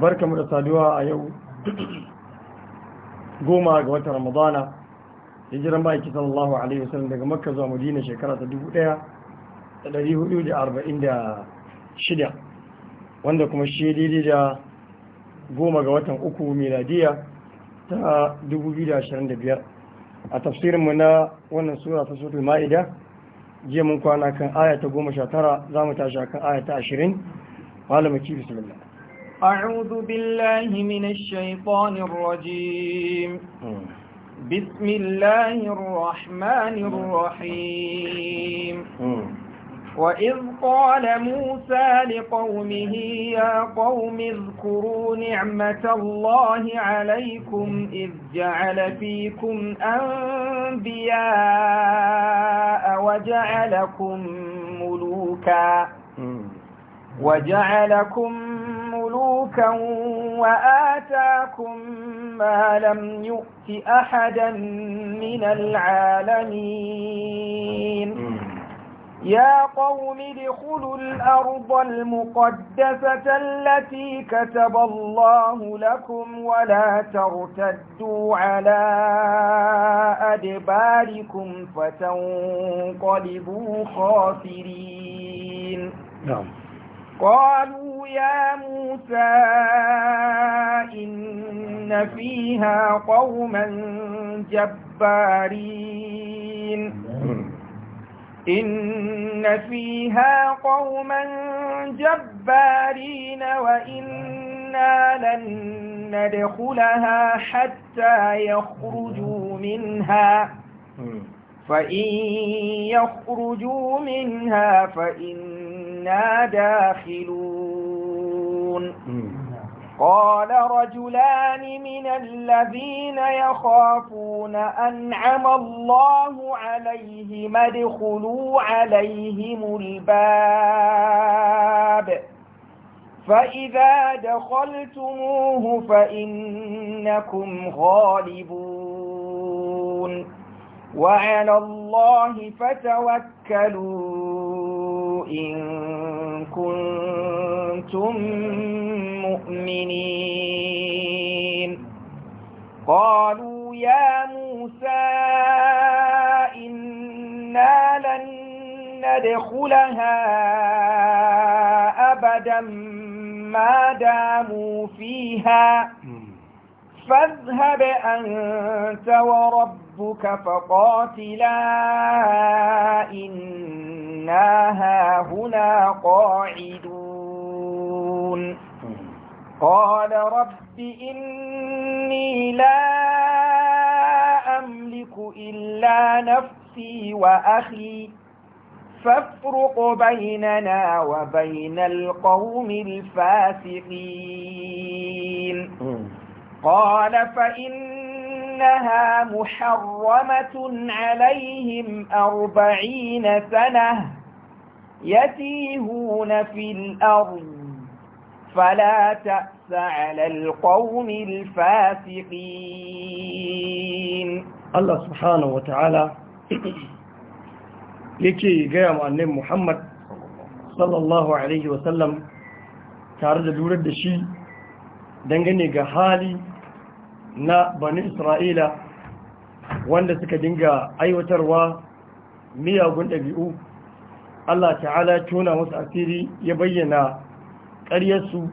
barka mu da saduwa a yau goma ga watan ramadana hijiran baki sallallahu alaihi wasallam daga makka zuwa madina shekara ta dubu da da da hudu arba'in shida, wanda kuma shi daidai da goma ga watan uku miladiya ta dubu biyu da da biyar. a tafsirinmu na wannan sura ta suratul ma'ida jiya mun kwana kan aya ta goma sha za mu tashi kan aya ta ashirin قال مكي بسم الله أعوذ بالله من الشيطان الرجيم بسم الله الرحمن الرحيم وإذ قال موسى لقومه يا قوم اذكروا نعمة الله عليكم إذ جعل فيكم أنبياء وجعلكم ملوكاً وجعلكم ملوكا وآتاكم ما لم يؤت أحدا من العالمين يا قوم ادخلوا الأرض المقدسة التي كتب الله لكم ولا ترتدوا على أدباركم فتنقلبوا خاسرين نعم قالوا يا موسى إن فيها قوما جبارين إن فيها قوما جبارين وإنا لن ندخلها حتى يخرجوا منها فإن يخرجوا منها فإن إنا داخلون قال رجلان من الذين يخافون أنعم الله عليهم ادخلوا عليهم الباب فإذا دخلتموه فإنكم غالبون وعلى الله فتوكلون إن كنتم مؤمنين قالوا يا موسى إنا لن ندخلها أبدا ما داموا فيها فاذهب أنت وربك ربك فقاتلا إنا هاهنا قاعدون قال رب إني لا أملك إلا نفسي وأخي فافرق بيننا وبين القوم الفاسقين قال فإن أنها محرمة عليهم أربعين سنة يتيهون في الأرض فلا تأس على القوم الفاسقين الله سبحانه وتعالى yake gaya wa annabi Muhammad sallallahu alaihi wasallam tare da lura da shi dangane ga hali na bani isra'ila wanda suka dinga aiwatarwa miyagun ɗabi'u Allah ta'ala tona wasu asiri ya bayyana ƙaryarsu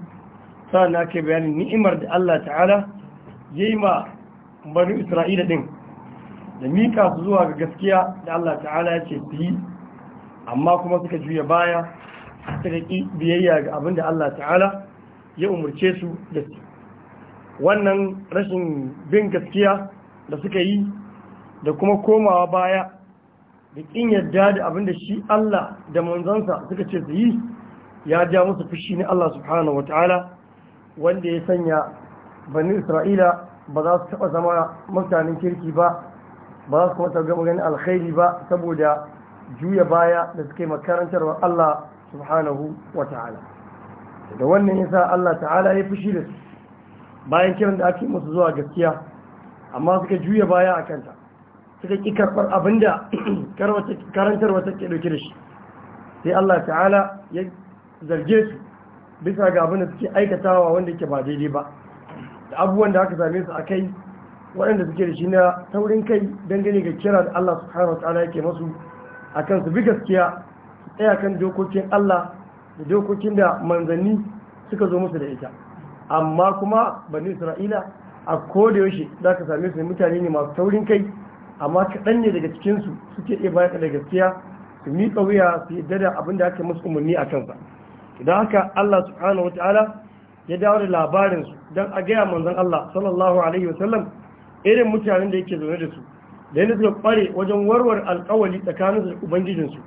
na ke bayanin ni'imar da Allah ta'ala ya yi ma bani isra'ila ɗin da miƙa su zuwa ga gaskiya da Allah ta'ala ya ce su yi amma kuma suka juya baya suka ƙi biyayya ga abin da Allah ta'ala ya umarce su da su wannan rashin bin gaskiya da suka yi da kuma komawa baya da ƙin yadda da abin da shi Allah da manzansa suka ce su yi ya ja musu fushi ne Allah subhanahu wa ta'ala wanda ya sanya bani isra'ila ba za su taɓa zama mutanen kirki ba ba za su kuma taɓa maganin alkhairi ba saboda juya baya da suka yi makarantarwar Allah subhanahu wa ta'ala da wannan yasa Allah ta'ala ya fushi da su bayan kiran da ake musu zuwa gaskiya amma suka juya baya a kanta suka ƙi karɓar abin da karantar wata ke ɗauki da shi sai Allah ta'ala ya zarge su bisa ga abin da suke aikatawa wanda ke ba daidai ba da abubuwan da aka same su a kai waɗanda suke da shi na taurin kai dangane ga kira da Allah su wa ta'ala yake masu akan su bi gaskiya su tsaya kan dokokin Allah da dokokin da manzanni suka zo musu da ita amma kuma bani isra'ila a kodayaushe za ka same su mutane ne masu taurin kai amma kaɗan ne daga cikinsu suke iya bayar da gaskiya su miƙa wuya su yi da abin da aka musu umarni a kansa idan haka Allah subhanahu Ta'ala ya dawo da labarinsu don a gaya manzon Allah sallallahu alaihi wa sallam irin mutanen da yake zaune da su da yadda suka kware wajen warwar alkawali tsakaninsu da ubangijinsu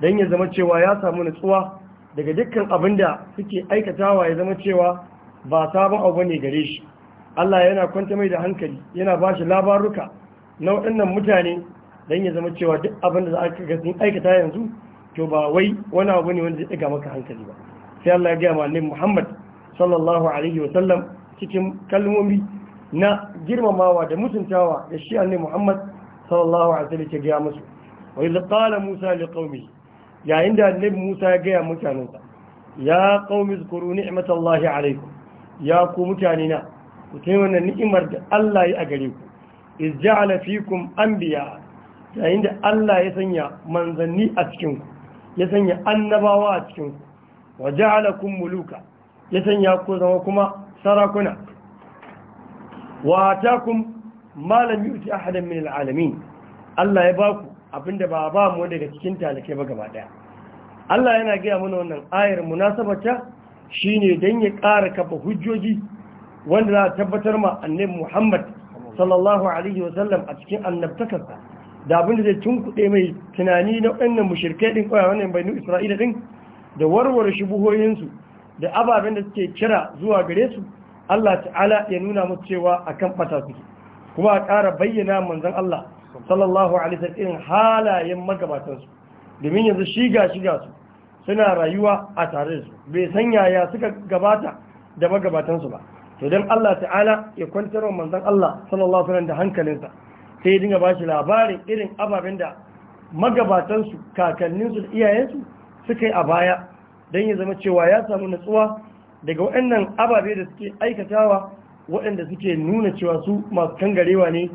don ya zama cewa ya samu nutsuwa daga dukkan abin da suke aikatawa ya zama cewa ba sabon abu ne gare shi Allah yana kwanta mai da hankali yana ba shi labaruka na waɗannan mutane don ya zama cewa duk abin da za a aikata yanzu to ba wai wani abu ne wanda zai ɗaga maka hankali ba sai Allah ya gaya ma annabi Muhammad sallallahu alaihi wa sallam cikin kalmomi na girmamawa da mutuntawa da shi annabi Muhammad sallallahu alaihi wa sallam ya gaya musu wa idh qala Musa liqaumihi yayin da annabi Musa ya gaya mutanensa ya qaumi zkuru ni'matallahi alaikum ya ku mutane na ku taimaka wannan ni'imar da Allah ya a gare ku iz ja'ala fikum anbiya yayin da Allah ya sanya manzanni a cikin ku ya sanya annabawa a cikin ku wa ja'alakum muluka ya sanya ku zama kuma sarakuna wa atakum ma lam yu'ti ahadan min al'alamin Allah ya baku abinda ba ba mu daga cikin talakai ba gaba daya Allah yana gaya mana wannan ayar munasabata shine dan ya ƙara kafa hujjoji wanda za a tabbatar ma annabi Muhammad sallallahu alaihi wasallam a cikin annabtakarsa da abinda zai zai tunkuɗe mai tunani na wannan mushrikai din koya wannan banu Isra'ila ɗin. da warware shubuhoyinsu da ababen da suke kira zuwa gare su Allah ta'ala ya nuna musu cewa akan bata kuma a ƙara bayyana manzon Allah sallallahu alaihi wasallam halayen magabatansu domin yanzu shiga shiga su suna rayuwa a tare da su bai san yaya suka gabata da magabatansu ba to don Allah ta'ala ya kwantar wa manzon Allah sallallahu alaihi wasallam da hankalinsa sai ya dinga bashi labarin irin ababen da magabatansu kakanninsu da iyayensu suka yi a baya Dan ya zama cewa ya samu natsuwa daga waɗannan ababe da suke aikatawa waɗanda suke nuna cewa su masu kangarewa ne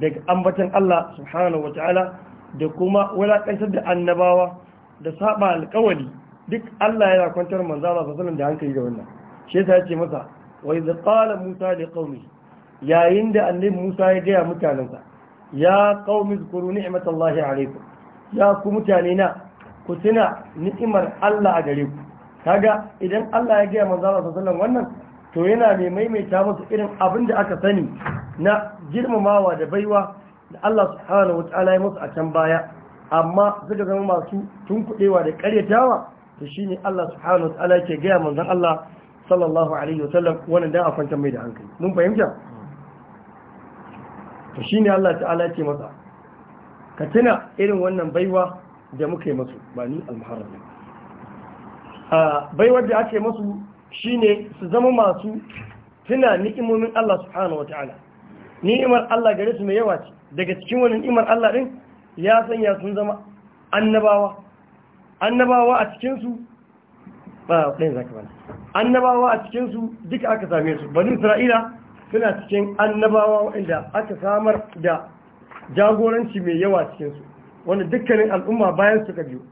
daga ambatan Allah subhanahu wa ta'ala da kuma wulaƙantar da annabawa da saba alkawari duk Allah yana kwantar manzo Allah sallallahu da hankali ga wannan shi yasa yace masa wa idh qala musa li qaumi yayin da annabi Musa ya gaya mutanansa ya qaumi zkuru ni'matallahi alaykum ya ku mutane na ku tuna ni'imar Allah a gare ku kaga idan Allah ya ga manzo Allah sallallahu wannan to yana mai maimaita musu irin abin da aka sani na girmamawa da baiwa da Allah subhanahu ta'ala ya musu a can baya amma suka zama masu tunkuɗewa da ƙaryatawa to shine Allah subhanahu wataala yake gaya manzan Allah sallallahu alaihi wasallam wannan dan a kwantar mai da hankali mun fahimta to shine Allah ta'ala yake masa ka tuna irin wannan baiwa da muka yi masu ba ni al ne a baiwar da ake masu shine su zama masu tuna ni'imomin Allah subhanahu wataala ni'imar Allah gare su mai yawa ce daga cikin wannan ni'imar Allah din ya sanya sun zama annabawa annabawa a cikinsu ba ɗayan zaka annabawa a cikinsu duka aka same su bani isra'ila suna cikin annabawa waɗanda aka samar da jagoranci mai yawa cikinsu wanda dukkanin al'umma bayan suka biyu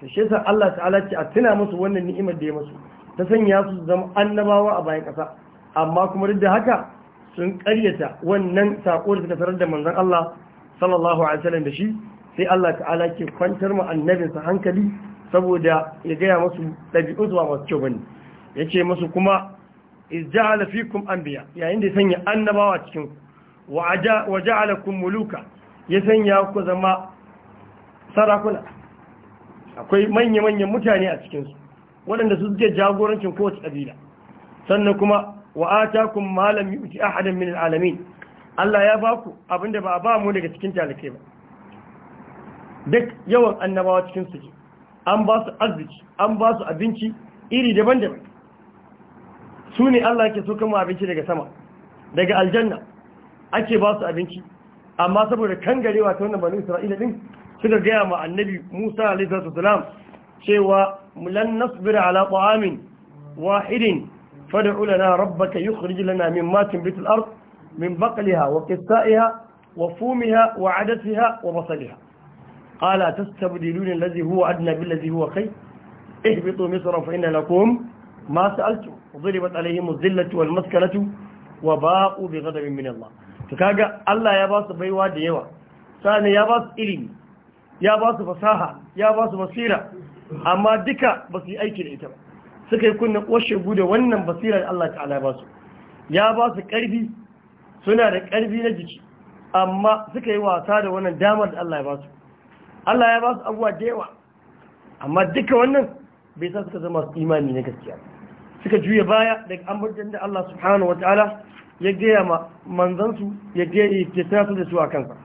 ta shi yasa Allah ta'ala ce a tuna musu wannan ni'imar da ya musu ta sanya su zama annabawa a bayan ƙasa amma kuma duk da haka sun ƙaryata wannan saƙo da suka tarar da manzon Allah sallallahu alaihi wasallam da shi sai Allah ta'ala ke kwantar ma annabinsa hankali saboda ya gaya masu ɗabi'un zuwa masu kyau bane ya ce masu kuma izja'ala fikum anbiya yayin da ya sanya annabawa cikin wa ja'alakum muluka ya sanya ku zama sarakuna akwai manya-manyan mutane a cikinsu waɗanda su suke jagorancin kowace ƙabila sannan kuma wa atakum malam yu'ti ahadan min alamin Allah ya baku abinda ba a ba mu daga cikin talakai ba duk yawan annabawa cikin su an ba su arziki an ba su abinci iri daban-daban su ne Allah ke so kama abinci daga sama daga aljanna ake ba su abinci amma saboda kangarewa ta wannan banu Isra'ila din suka gaya ma annabi Musa alaihi salam cewa lan nasbira ala ta'amin wahidin fad'u lana rabbaka yukhrij lana mimma tunbitu al-ard min baqliha wa qithaiha wa fumiha wa adatiha wa basaliha qala tastabdiluna allazi huwa adna bil ladhi huwa khay ihbitu misra fa inna lakum ma sa'altum ضربت عليهم الذلة والمسكنة وباءوا بغضب من الله فكاغا الله يا باس بيوا da yawa sani ya ba su ilimi ya ba su fasaha ya ba su basira amma duka ba su yi aiki da ita ba suka yi kunna ƙoshe da wannan basira da Allah ta'ala ba su ya ba su ƙarfi suna da ƙarfi na jiki amma suka yi wasa da wannan damar da Allah ya ba su Allah ya ba su abuwa da yawa amma duka wannan bai sa suka zama su imani na gaskiya suka juya baya daga ambaton da Allah subhanahu wataala ya gaya ma manzansu ya gaya ya su da su a kansa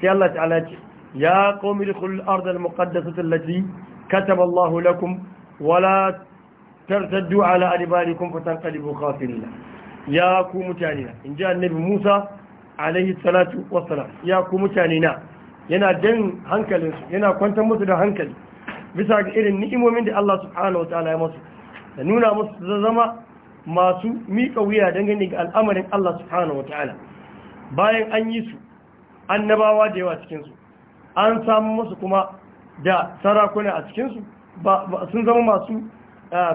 sai Allah ta'ala ce ya qawmi dukhul ard al muqaddasah allati kataba Allah lakum wala tartaddu ala adbarikum fatanqalibu khasirin ya ku mutane in ji annabi Musa alaihi salatu wassalam ya ku mutane na yana jan hankalinsu yana kwantar musu da hankali bisa ga irin ni'imomin da Allah subhanahu wa ta'ala ya musu da nuna musu su zama masu miƙa wuya dangane ga al'amarin Allah subhanahu wa ta'ala bayan an yi su annabawa da yawa cikinsu an samu musu kuma da sarakuna a cikinsu sun zama masu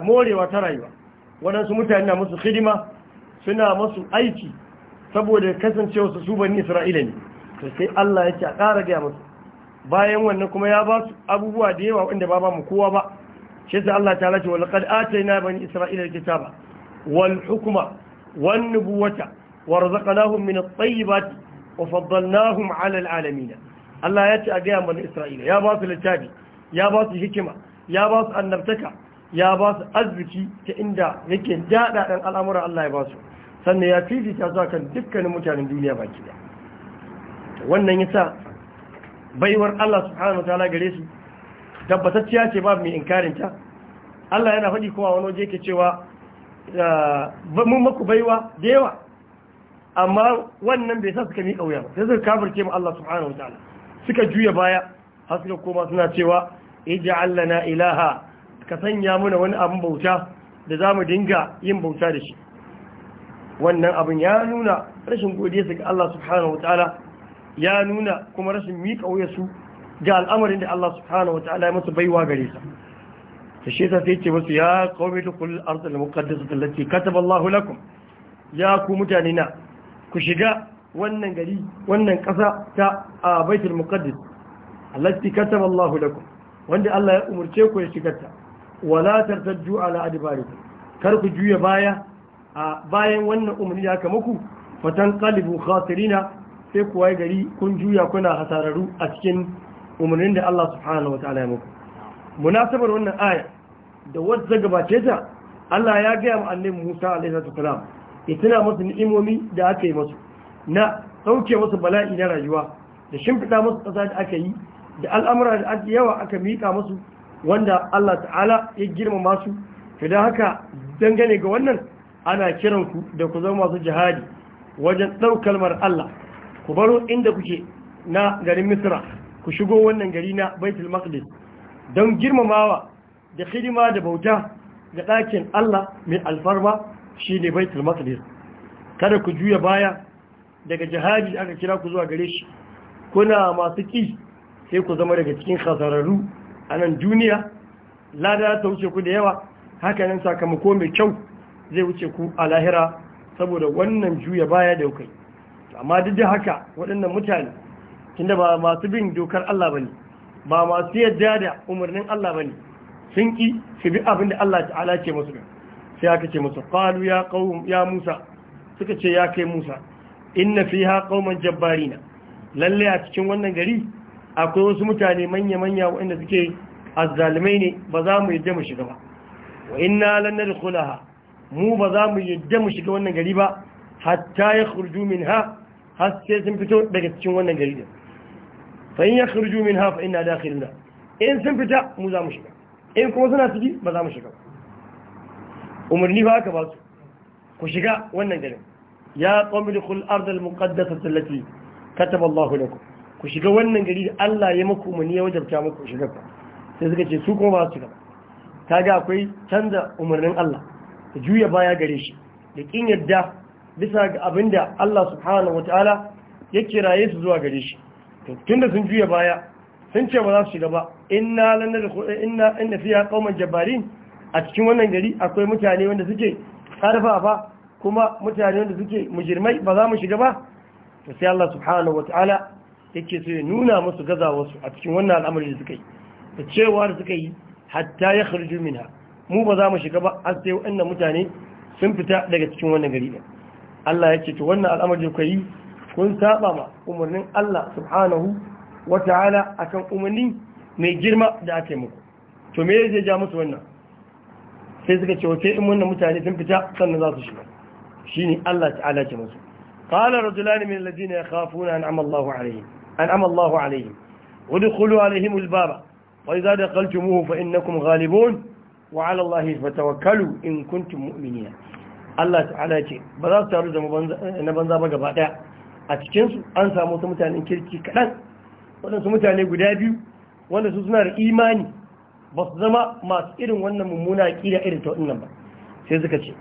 morewa ta rayuwa waɗansu mutane na musu hidima suna masu aiki saboda kasancewa su su bani isra'ila ne to sai Allah ya ce a ƙara gaya musu bayan wannan kuma ya ba su abubuwa da yawa wanda ba ba mu kowa ba shi sai Allah ta lace walaqad atayna bani isra'ila alkitaba wal hukma wan nubuwata warzaqnahum min at-tayyibati wa faddalnahum 'ala al-'alamin Allah ya ce a gaya bani isra'ila ya ba su littafi ya ba su hikima ya ba su annabtaka ya ba su arziki ta inda yake jada dan al'amuran Allah ya ba su sannan ya fifita su kan dukkanin mutanen duniya baki daya wannan yasa baiwar Allah subhanahu wataala gare su tabbatacciya ce babu mai inkarin ta Allah yana faɗi kowa wani waje ke cewa ah, mun maku baiwa da yawa amma wannan bai sa suka miƙa wuya ba sai suka kafirce ma Allah subhanahu wataala suka juya baya har suka koma suna cewa Allah na ilaha ka sanya mana wani abin bauta da zamu dinga yin bauta da shi wannan abin ya nuna rashin godiya ga Allah subhanahu wataala ya nuna kuma rashin miƙa wuya su ga al'amarin da Allah subhanahu wa ta'ala ya baiwa gare sa ta shi ta ce musu ya qaumi tukul ardal muqaddasati allati kataba Allah lakum ya ku mutane na ku shiga wannan gari wannan ƙasa ta a baitul muqaddas allati kataba Allah lakum wanda Allah ya umarci ku ya shiga ta wala tartaddu ala adbarikum kar ku juya baya a bayan wannan umarni da aka muku fatan kalibu khasirina sai ku waye gari kun juya kuna hasararru a cikin umarnin da Allah subhanahu wa ta'ala ya muku munasabar wannan aya da wadda gabace ta Allah ya gaya wa annabi Musa alaihi salam ya tuna masu ni'imomi da aka yi masu, na sauke masu bala'i na rayuwa da shimfiɗa masu ƙasa da aka yi da al'amura da aka yawa aka miƙa masu, wanda Allah ta'ala ya girmama su kada da haka dangane ga wannan ana kiran ku da ku zama masu jihadi wajen ɗaukar Allah ku baro inda kuke na garin misra ku shigo wannan gari na baitul maqdis don girmamawa da hidima da bauta ga ɗakin Allah mai alfarma shi ne baitul maqdis kada ku juya baya daga jihadi aka kira ku zuwa gare shi kuna masu ƙi sai ku zama daga cikin hasararru a nan duniya lada ta wuce ku da yawa haka nan sakamako mai kyau zai wuce ku a lahira saboda wannan juya baya da kai amma duk da haka waɗannan mutane tunda ba masu bin dokar Allah bane ba masu yadda da umarnin Allah bane sun ki su bi abin da Allah ta'ala ce musu sai aka ce musu qalu ya ya Musa suka ce ya kai Musa inna fiha qauman jabbarina lalle a cikin wannan gari akwai wasu mutane manya-manya waɗanda suke azzalumai ne ba za mu yadda mu shiga ba wa inna lan nadkhulaha mu ba za mu yadda mu shiga wannan gari ba hatta ya khurju minha Haske sun fito daga cikin wannan gari din fa in yakhruju minha fa inna dakhiluna in sun fita mu za mu shiga in kuma suna ciki ba za mu shiga umarni ba aka ba su ku shiga wannan garin ya qawmi dukhul ard al muqaddasah allati kataba Allahu lakum ku shiga wannan gari da Allah ya muku umarni ya wajabta muku shiga sai suka ce su kuma ba su shiga kaga akwai canza umarnin Allah da juya baya gare shi da kin yadda bisa ga abinda Allah subhanahu ta'ala ya kiraye su zuwa gare shi da sun juya baya sun ce ba za su shiga ba inna lanadkhul inna inna fiha qauman jabbarin a cikin wannan gari akwai mutane wanda suke karfafa kuma mutane wanda suke mujirmai ba za mu shiga ba to sai Allah subhanahu wataala yake so ya nuna musu gazawarsu a cikin wannan al'amari da suka yi da cewa da suka yi hatta ya kharju minha mu ba za mu shiga ba har sai wannan mutane sun fita daga cikin wannan gari din Allah ya ce to wannan al'amari ku yi kun saba ma umarnin Allah subhanahu wa ta'ala akan umarni mai girma da ake yi muku to me zai ja musu wannan sai suka ce wace in wannan mutane sun fita sannan za su shiga shine Allah ta'ala ce musu qala rajulani min alladhina yakhafuna an'ama Allahu alaihim an'ama Allahu alaihim udkhulu alaihim albaba wa idza dakhaltumuhu fa innakum ghalibun wa 'ala Allahi fatawakkalu in kuntum mu'minina Allah ta'ala ce ba za su taru da na banza ba gaba daya a cikinsu an samu wasu mutanen kirki kaɗan waɗansu mutane guda biyu wanda su suna da imani ba su zama masu irin wannan mummuna ƙira irin ta waɗannan ba sai suka ce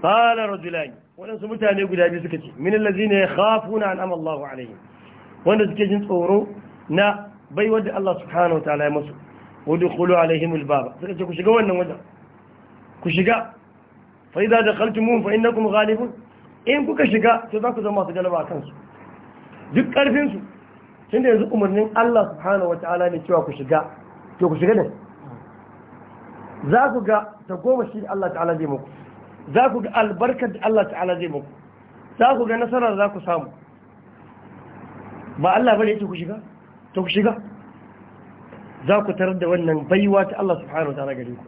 qala rajulani waɗansu mutane guda biyu suka ce min allazina yakhafuna an amallahu alaihim wanda suke jin tsoro na bai da Allah subhanahu wa ta'ala ya musu wadkhulu alaihim albaba suka ce ku shiga wannan wajen ku shiga fa idza dakhaltumuhum fa innakum ghalibun in kuka shiga to za ku zama su galaba kansu duk karfin su tunda yanzu umarnin Allah subhanahu wataala ne cewa ku shiga to ku shiga ne za ku ga ta goma shi Allah ta'ala zai muku za ku ga albarkar da Allah ta'ala zai muku za ku ga nasara za ku samu ba Allah bane yake ku shiga to ku shiga za ku tarar da wannan baiwa ta Allah subhanahu wataala gare ku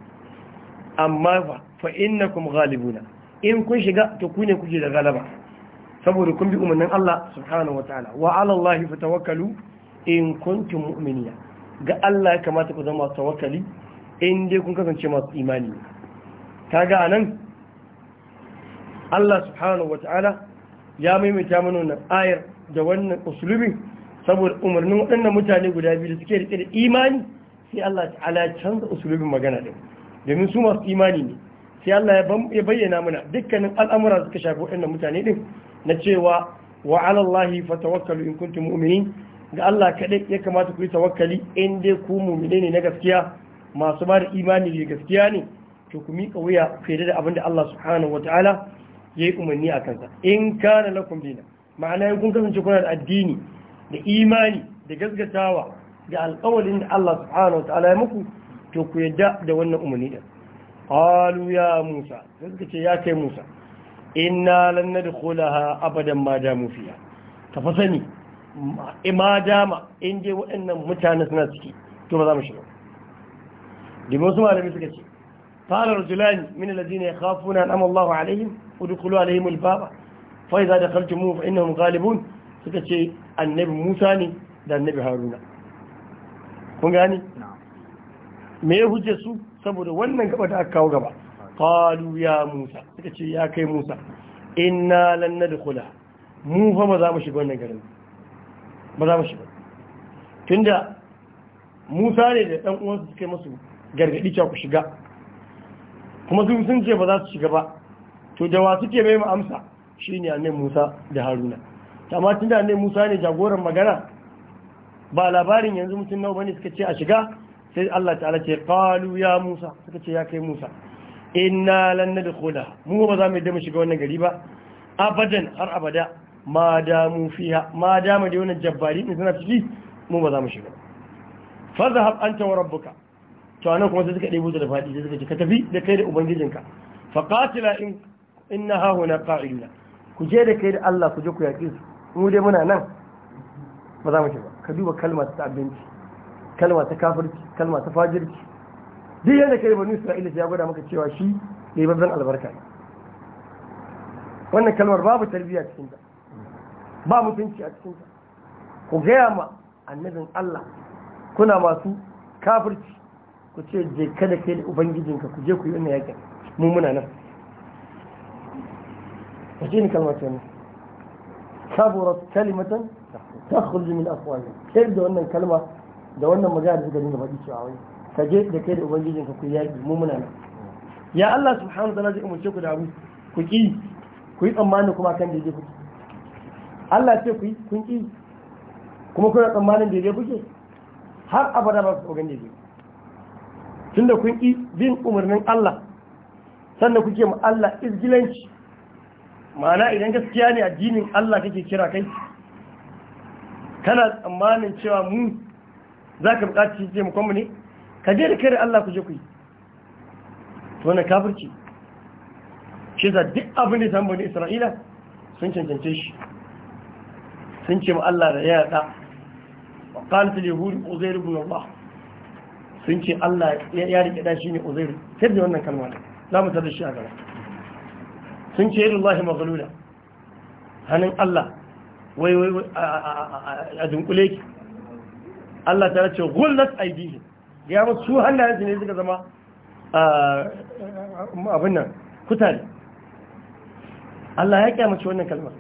amma fa innakum ghalibuna in kun shiga to ku ne kuke da galaba saboda kun bi umarnin Allah subhanahu ta'ala wa ala Allah tawakkalu in kuntum mu'minina ga Allah ya kamata ku zama tawakkali in dai kun kasance masu imani kaga anan Allah subhanahu wa ta'ala ya maimaita mana wannan ayar da wannan uslubi saboda umarnin waɗannan mutane guda biyu da suke da imani sai Allah ta'ala canza usulubin magana din domin su masu imani ne sai Allah ya bayyana mana dukkanin al'amura suka shafi waɗannan mutane din na cewa wa alallahi fatawakkalu in kuntum mu'minin ga Allah kaɗai ya kamata ku yi tawakkali in dai ku mu'mine ne na gaskiya masu ba da imani ne gaskiya ne to ku miƙa wuya fiye da abin da Allah subhanahu wataala ya yi umarni a kansa in kana lakum dina ma'ana kun kasance kuna da addini da imani da gaskatawa ga alƙawarin da Allah subhanahu wataala ya muku to ku yadda da wannan umarni din qalu ya musa sai suka ce ya kai musa inna lan nadkhulaha abadan ma damu fiha ka fa sani eh, dama in je waɗannan mutane suna ciki to ba za mu shiga dimo su malami suka ce qala rajulani min alladhina yakhafuna an amallahu alaihim udkhulu alaihim albaba fa idza dakhaltumuhu fa innahum ghalibun suka ce annabi musa ne da annabi haruna kun gani me ya huje su saboda wannan gaba da aka kawo gaba qalu ya musa suka ce ya kai musa inna lan nadkhula mu fa ba za mu shiga wannan garin ba za mu shiga tunda musa ne da dan uwansa suka masu gargadi cewa ku shiga kuma sun sun ce ba za su shiga ba to da wa suke mai amsa shine annabi musa da haruna amma tunda annabi musa ne jagoran magana ba labarin yanzu mutum nawa bane suka ce a shiga sai Allah ta'ala ce qalu ya Musa suka ce ya kai Musa inna lan nadkhula mu ba za mu yadda mu shiga wannan gari ba abadan har abada ma da mu fiha ma da mu da wannan jabbari ne suna ciki mu ba za mu shiga fa zahab anta wa rabbuka to anan kuma sai suka ɗebo da fadi sai suka ce ka tafi da kai da ubangijinka fa qatila in inna ha huna qa'ila ku je da kai da Allah ku je ku yaƙi su mu dai muna nan ba za mu shiga ka duba kalmar ta abinci kalma ta kafirci kalma ta fajirci duk yadda kai banu isra'ila ya gwada maka cewa shi ne babban albarka ne wannan kalmar babu tarbiyya cikin ta ba mutunci a cikin ta ku gaya ma annabin Allah kuna masu kafirci ku ce je kada kai da ubangijinka ku je ku yi wannan yakin mu muna nan waje ne kalmar ta ne saboda kalimatan ta khulji min afwani kai da wannan kalma da wannan magana da suka dinga faɗi cewa wai ka je da kai da ubangijin ka ku yaƙi mu muna nan ya Allah subhanahu wa ta'ala zai ku da abu ku ki ku yi tsammanin kuma kan daidai kuke Allah ce ku yi kun ki kuma kuna tsammanin daidai kuke har abada ba su ga daidai tunda kun ki bin umarnin Allah sannan kuke ma Allah izgilanci ma'ana idan gaskiya ne addinin Allah kake kira kai kana tsammanin cewa mu za ka buƙaci shi taimakon mu ne ka je da kai da Allah ku je ku yi wannan kafirci shi za duk abin da ya samu ne Isra'ila sun cancance shi sun ce ma Allah da ya da wa qalat al yahud uzair ibn Allah sun ce Allah ya rike da shi ne uzair sai da wannan kalma za mu tada shi a gaba sun ce yadullahi maghlula hannun Allah wai wai a dunkule ki Allah ta ce gullat aidihi ya mu su hannayen su ne suka zama abin nan kutare Allah ya kyamace wannan kalmar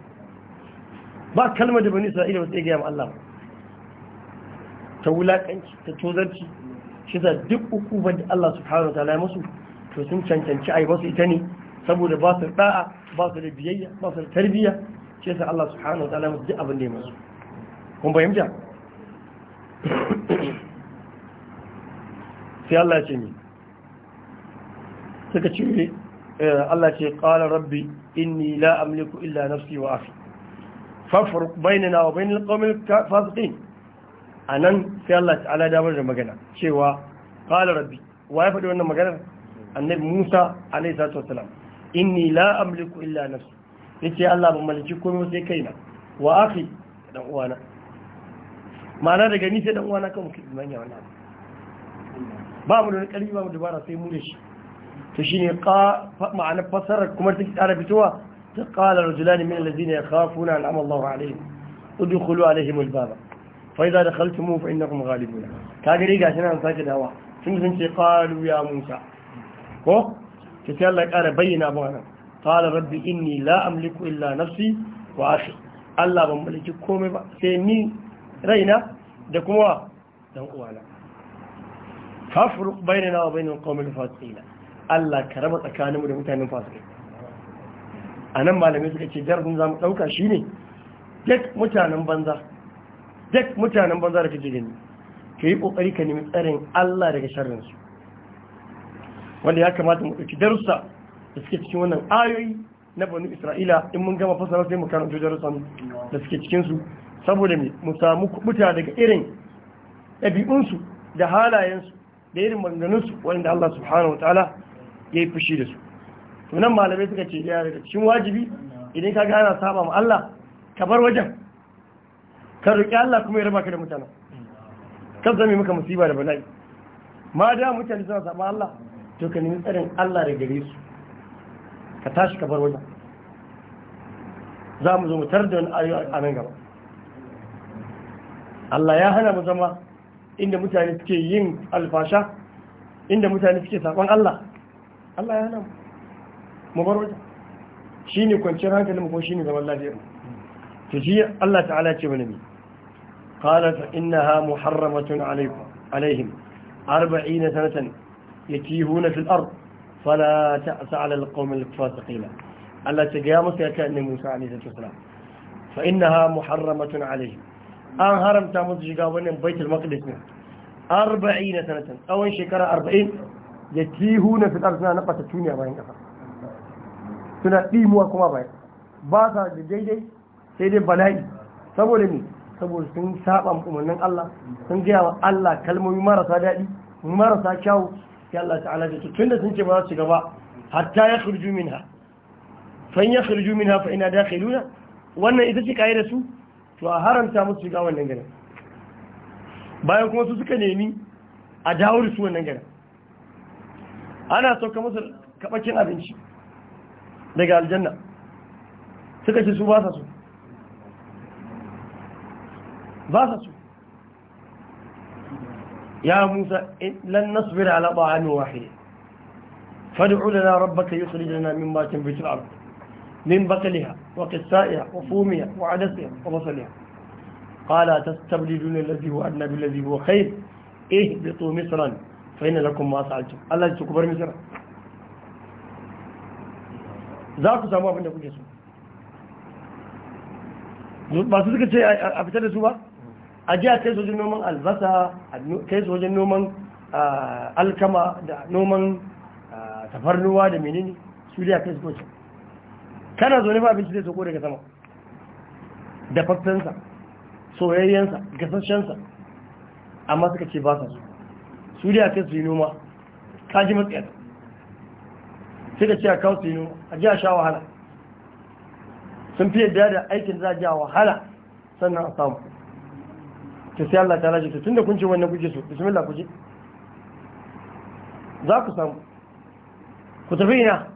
ba kalmar da bani isra'ila ba sai gaya ma Allah ta wulakanci ta tozarci shi ta duk ban da Allah subhanahu wa ta'ala ya musu to sun cancanci ai basu ita ne saboda ba su da'a ba su da biyayya ba su da tarbiyya shi yasa Allah subhanahu wa ta'ala musu duk abin da ya musu kun fahimta sai Allah ce ne suka ce eh, Allah ce qala rabbi inni la amliku illa nafsi wa akhi fafruq bainana wa ƙomil fasikin a nan sai Allah ala damar da magana cewa qala rabbi wa ya faɗi wannan maganar annabi Musa alaihi salatu wasalam inni la amliku illa nafsi ce Allah ban wasu ya kai na wa da ɗan'uwa uwana ma'ana daga ni sai dan uwana kan mutum manya wannan abu ba mu da ƙarfi ba mu dubara sai mu da shi to shine ka ma'ana fasara kuma take kara fitowa ta qala rajulani min alladhina yakhafuna an amalla Allahu alaihim udkhulu alaihim albaba fa idza dakhaltum fa innakum ghalibun ka gari gashi nan sake dawa sun sun ce qalu ya Musa ko ta sai Allah bayyana ba nan qala rabbi inni la amliku illa nafsi wa akhi Allah ban mulki komai ba sai ni raina da kuma dan uwana fafruq bainana wa bainal qawmil fasiqina Allah ka raba tsakaninmu da mutanen fasikai anan malamai suka ce jarhun zamu dauka shine duk mutanen banza duk mutanen banza da kake gani ka yi kokari ka nemi tsarin Allah daga sharrin su wanda ya kamata mu dauki darussa da suke cikin wannan ayoyi na banu Isra'ila in mun gama fasara sai mu karanto darussan da suke cikin saboda mu samu kubuta daga irin ɗabi'unsu da halayensu da irin manganunsu wanda Allah subhanahu wataala ya yi fushi da su tunan malamai suka ce ya daga cikin wajibi idan ka gana saba ma Allah ka bar wajen ka roƙi Allah kuma ya raba ka da mutane kan zame maka musiba da bala'i ma da mutane suna saba Allah to ka nemi tsarin Allah da gare su ka tashi ka bar wajen za mu zo mu tar da wani ayoyi a nan gaba Allah ya hana mu zama inda mutane suke yin alfasha inda mutane suke saƙon Allah Allah ya hana mu mu bar wajen shi ne kwanciyar hankali mu shi ne zaman lafiyar mu to shi Allah ta'ala ce mana ne qala fa innaha muharramatun alaykum alaihim na sanatan yakihuna fil ard fala ta'sa 'ala alqawmi alfasiqina Allah ta ga musu ya ta annabi Musa alaihi salam fa ina ha muharramatun alaihim an haramta musu shiga wannan baitul maqdis ne 40 sanatan tsawon shekara 40 ya tihu na fitar suna na fata tuniya bayan kasa suna dimuwa kuma bayan ba sa da daidai sai dai bala'i saboda ne saboda sun saba umarnin Allah sun gaya wa Allah kalmomi marasa daɗi marasa kyau sai Allah ta'ala da tun da sun ce ba za su gaba hatta ya khurju minha fa in ya khurju minha fa ina dakhiluna wannan ita ce kaida su to a haramta musu shiga wannan garin bayan kuma su suka nemi a dawo da su wannan garin ana sauka musu kabakin abinci daga aljanna suka ce su ba sa su ba sa su ya musa lan nasbira ala ta'amin wahid fad'u lana rabbaka yukhrij lana mimma tanbitu al min bakliha وقسائها وفومها وعدسها وبصلها قال تستبدلون الذي هو أدنى بالذي هو خير اهبطوا مصرا فإن لكم ما سألتم الله تكبر مصر ذاك سامو abin da kuke ba su suka ce a fitar da su ba a ji a kai sojin noman albasa kai sojin noman alkama da noman tafarnuwa da menene su da kai su kocin kana zo ne ba abinci zai soko daga sama da faffensa soyayyensa gasashensa amma suka ce ba sa su su da ake su yi noma ka ji matsayar sai da ce a kawo su yi noma a ji a sha wahala sun fi yadda da aikin za a ji a wahala sannan a samu ta sai Allah ta lashe ta tun da kun ce wannan kuke so bismillah kuje za ku samu ku tafi ina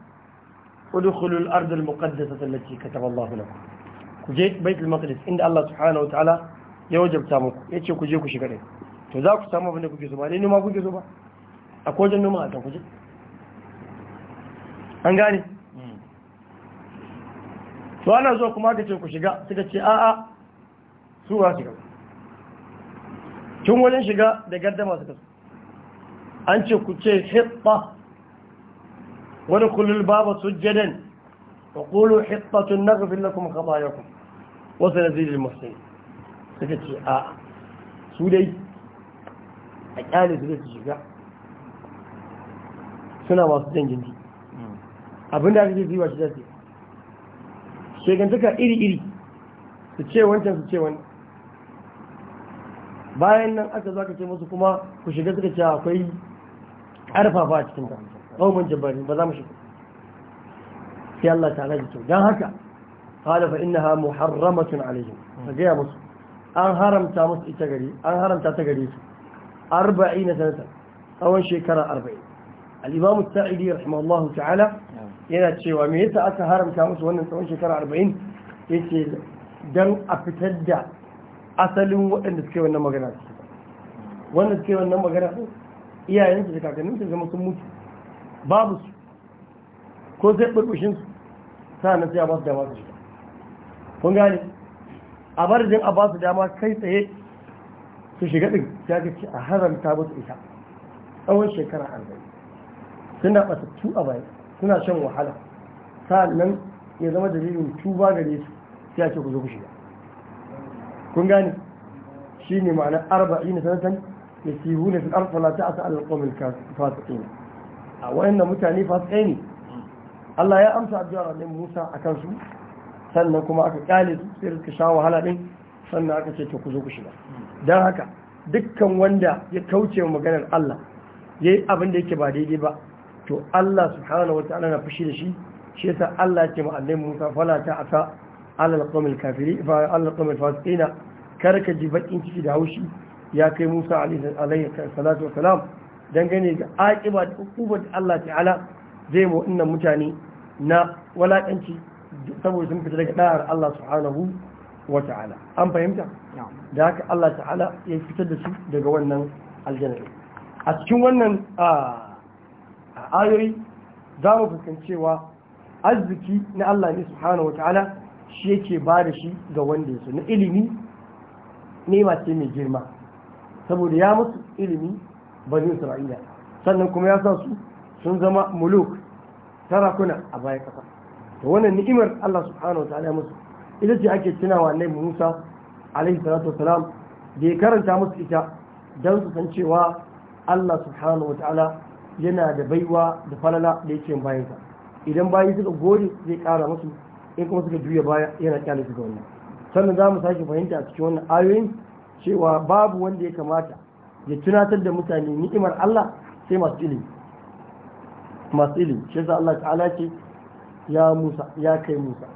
udkhulu al-ard al-muqaddasah allati kataba Allah lakum ku je baitul maqdis inda Allah subhanahu wa ya wajabta muku yace ku je ku shiga dai to za ku samu abin da kuke so ba dai noma kuke so ba akwai wajen noma a kan ku an gane to ana zo kuma ka ce ku shiga suka ce a'a su ba tun wajen shiga da gardama suka an ce ku ce hitsa وادخلوا الباب سجدا وقولوا حطة نغفر لكم خطاياكم وسنزيد المحسنين سكتي آه سودي أجالي سكتي شجاع سنة واسدين جندي abinda aka ce su yi wa shi zafi shekantaka iri-iri su ce wancan su ce wani bayan nan aka zaka ce musu kuma ku shiga suka ce akwai arfafa a cikin damu. qaumun jabbarin ba za mu shiga sai Allah ta'ala ya ce dan haka qala fa innaha muharramatun alaihim ka ga musu an haramta musu ita gari an haramta ta gare su 40 sanata tsawon shekara 40 al-imam as-sa'idi rahimahullahu ta'ala yana cewa me yasa aka haramta musu wannan tsawon shekara 40 yace dan a fitar da asalin waɗanda suke wannan magana su magana mutu babu su ko sai ɓarɓushin su sa'annan sai a ba su dama su shiga kun gane a barjin a ba su dama kai tsaye su shiga ɗin ya ga ce a haramta musu ita tsawon shekara arba'in suna tu a baya suna shan wahala sa'annan ya zama dalilin tuba gare su sai a ce ku zo ku shiga kun gane shi ne ma'anar arba'in na sanatan ya sihu ne sun ƙarfala ta asa alƙomin fasiƙi a wayannan mutane fasikai ne Allah ya amsa addu'ar annabi Musa akan su sannan kuma aka kyale su sai suka sha wahala din sannan aka ce to ku zo ku shiga dan haka dukkan wanda ya kauce wa maganar Allah yayi abin da yake ba daidai ba to Allah subhanahu wataala na fushi da shi shi yasa Allah ya ce ma annabi Musa fala ta asa alal qawmil kafiri fa alal qawmil fasiqina karka ji bakin ciki da haushi ya kai Musa alaihi salatu wasalam dangane ga aƙiba da hukumar da Allah ta'ala zai mu mutane na walaƙanci saboda sun fita daga ɗa'ar Allah subhanahu wa ta'ala an fahimta da haka Allah ta'ala ya fitar da su daga wannan aljanna a cikin wannan ayoyi za mu fuskancewa arziki na Allah ne subhanahu wa ta'ala shi yake ba da shi ga wanda ya so na ilimi nema ce mai girma saboda ya musu ilimi bani isra'ila sannan kuma ya sa su sun zama muluk sarakuna a bayan kasa to wannan ni'imar Allah subhanahu wa ta'ala musu ita ce ake tunawa annabi Musa alaihi salatu wasalam da ya karanta musu ita dan su san cewa Allah subhanahu wa ta'ala yana da baiwa da falala da yake bayansa idan bayi suka gode zai kara musu in kuma suka juya baya yana kyale su ga wannan sannan za mu sake fahimta a cikin wannan ayoyin cewa babu wanda ya kamata ya tunatar da mutane ni'imar Allah sai masu ilimi masu ilimi shi yasa Allah ta'ala ce ya Musa ya kai Musa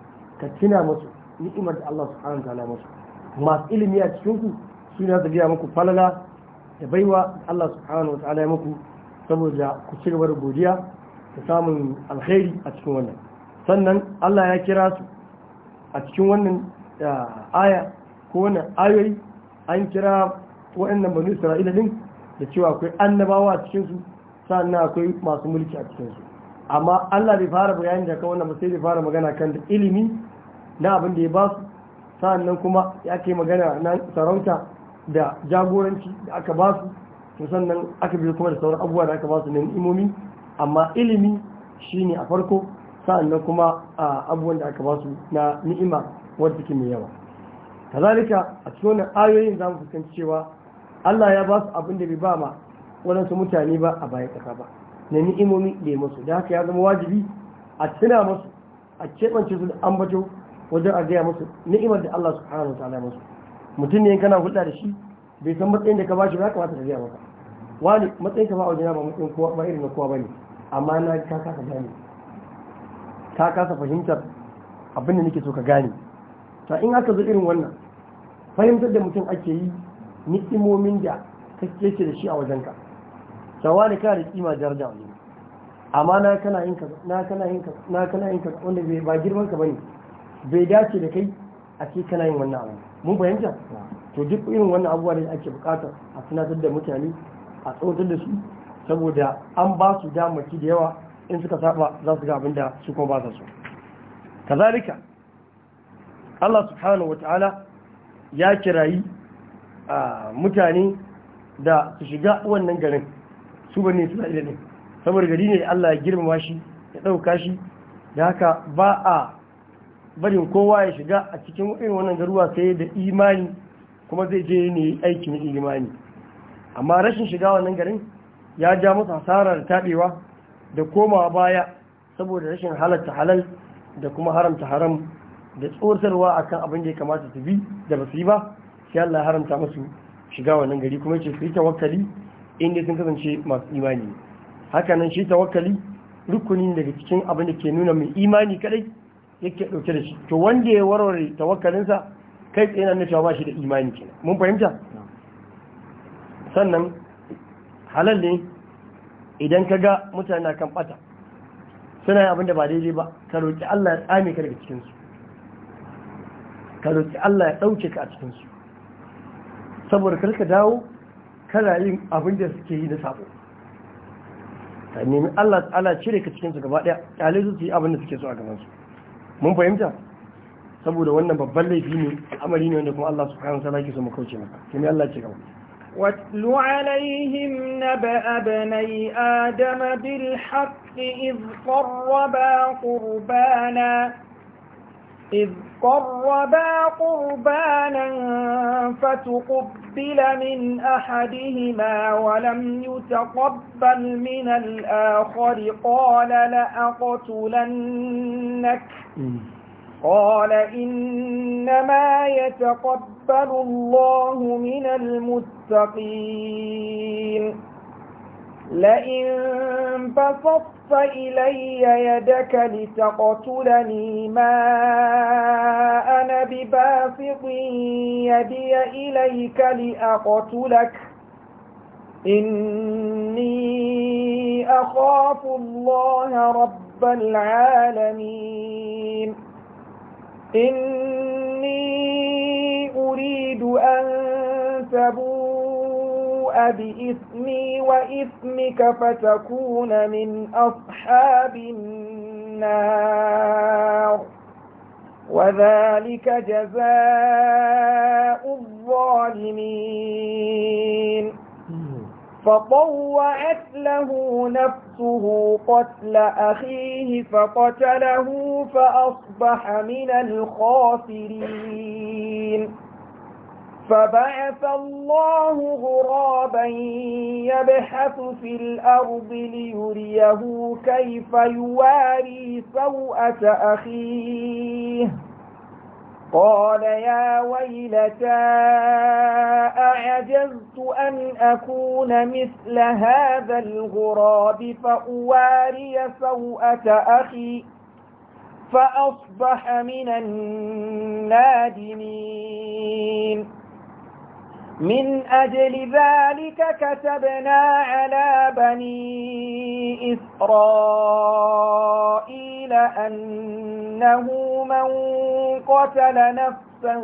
ka tuna musu ni'imar da Allah subhanahu ta'ala musu masu ilimi a cikin ku su ne za gaya muku falala da baiwa Allah subhanahu wa ta'ala ya muku saboda ku ci gaba da godiya da samun alkhairi a cikin wannan sannan Allah ya kira su a cikin wannan eh, aya ko wannan ayoyi an kira waɗannan banu isra'ila din da cewa akwai annabawa a cikinsu sannan akwai masu mulki a cikinsu amma allah bai fara bayani da kan wannan ba sai bai fara magana kan da ilimi na abin da ya ba su sannan kuma ya ke magana na sarauta da jagoranci da aka ba su to sannan aka biyo kuma da sauran abubuwa da aka ba su na imomi amma ilimi shine a farko nan kuma abubuwan da aka ba su na ni'ima wadda take mai yawa kazalika a cikin wannan ayoyin za mu fuskanci cewa Allah ya ba su abin da bai ba ma waɗansu mutane ba a baya ƙasa ba na ni'imomi da ya masu. da haka ya zama wajibi a tuna masu a keɓance su da ambato wajen a gaya masu. ni'imar da Allah subhanahu wa ta'ala musu mutum ne kana hulɗa da shi bai san matsayin da ka ba shi ba kamata ka gaya maka wani matsayin ka ba wajen ba matsayin kowa ba irin na kowa bane amma na ka kasa gane ka kasa fahimtar abin da nake so ka gane ta in aka zo irin wannan fahimtar da mutum ake yi ni'imomin da kake ce da shi a wajenka sawani kana da kima daraja wani amma na kana yin ka na kana yin ka na kana yin ka wanda bai ba girman ka bane bai dace da kai a ce kana yin wannan abu mun fahimta to duk irin wannan abubuwa ne ake bukatar a tunatar da mutane a tsawatar da su saboda an ba su damaki da yawa in suka saba za su ga abin da su kuma ba su so kazalika Allah subhanahu wataala ya kirayi mutane da su shiga wannan garin su bane da ne saboda gari ne allah ya girmama shi ya ɗauka shi da haka ba a barin kowa ya shiga a cikin irin wannan garuwa sai da imani kuma zai je ne aikin imani amma rashin shiga wannan garin ya ja musu hasarar taɓewa da komawa baya saboda rashin halatta halal da kuma haramta haram da tsorsarwa akan abin da ya kamata su bi da basu yi ba sai Allah haramta musu shiga wannan gari kuma yace su yi tawakkali inda sun kasance masu imani haka nan shi tawakkali rukuni daga cikin abin da ke nuna mai imani kadai yake dauke da shi to wanda ya warware tawakkalinsa kai tsaye na cewa ba shi da imani kenan mun fahimta sannan halal ne idan ka ga mutane na kan bata suna yin abin da ba daidai ba ka roƙi Allah ya tsame ka daga cikinsu ka roƙi Allah ya ɗauke ka a cikinsu saboda karka dawo kana yin abin da suke yi da sabo ka nemi Allah ta'ala cire ka cikinsu gaba daya kyale su yi abin da suke so a gaban su mun fahimta saboda wannan babban laifi ne al'amari ne wanda kuma Allah su kan sana yake so mu kauce maka kuma Allah ce gaba واتل عليهم نبأ بني آدم بالحق إذ قربا قربانا إذ قربا قربانا فتقبل من أحدهما ولم يتقبل من الآخر قال لأقتلنك قال إنما يتقبل الله من المتقين لئن بسطت إلي يدك لتقتلني ما أنا بباسط يدي إليك لأقتلك إني أخاف الله رب العالمين إني أريد أن تبور بإثمي وإثمك فتكون من أصحاب النار وذلك جزاء الظالمين فطوعت له نفسه قتل أخيه فقتله فأصبح من الخاسرين فبعث الله غرابا يبحث في الأرض ليريه كيف يواري سوءة أخيه قال يا ويلتى أعجزت أن أكون مثل هذا الغراب فأواري سوءة أخي فأصبح من النادمين من أجل ذلك كتبنا على بني إسرائيل أنه من قتل نفسا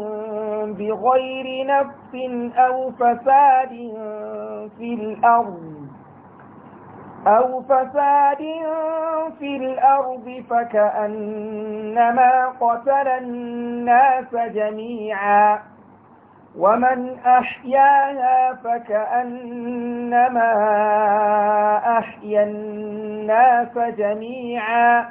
بغير نفس أو فساد في الأرض أو فساد في الأرض فكأنما قتل الناس جميعاً ومن أحياها فكأنما أحيا الناس جميعا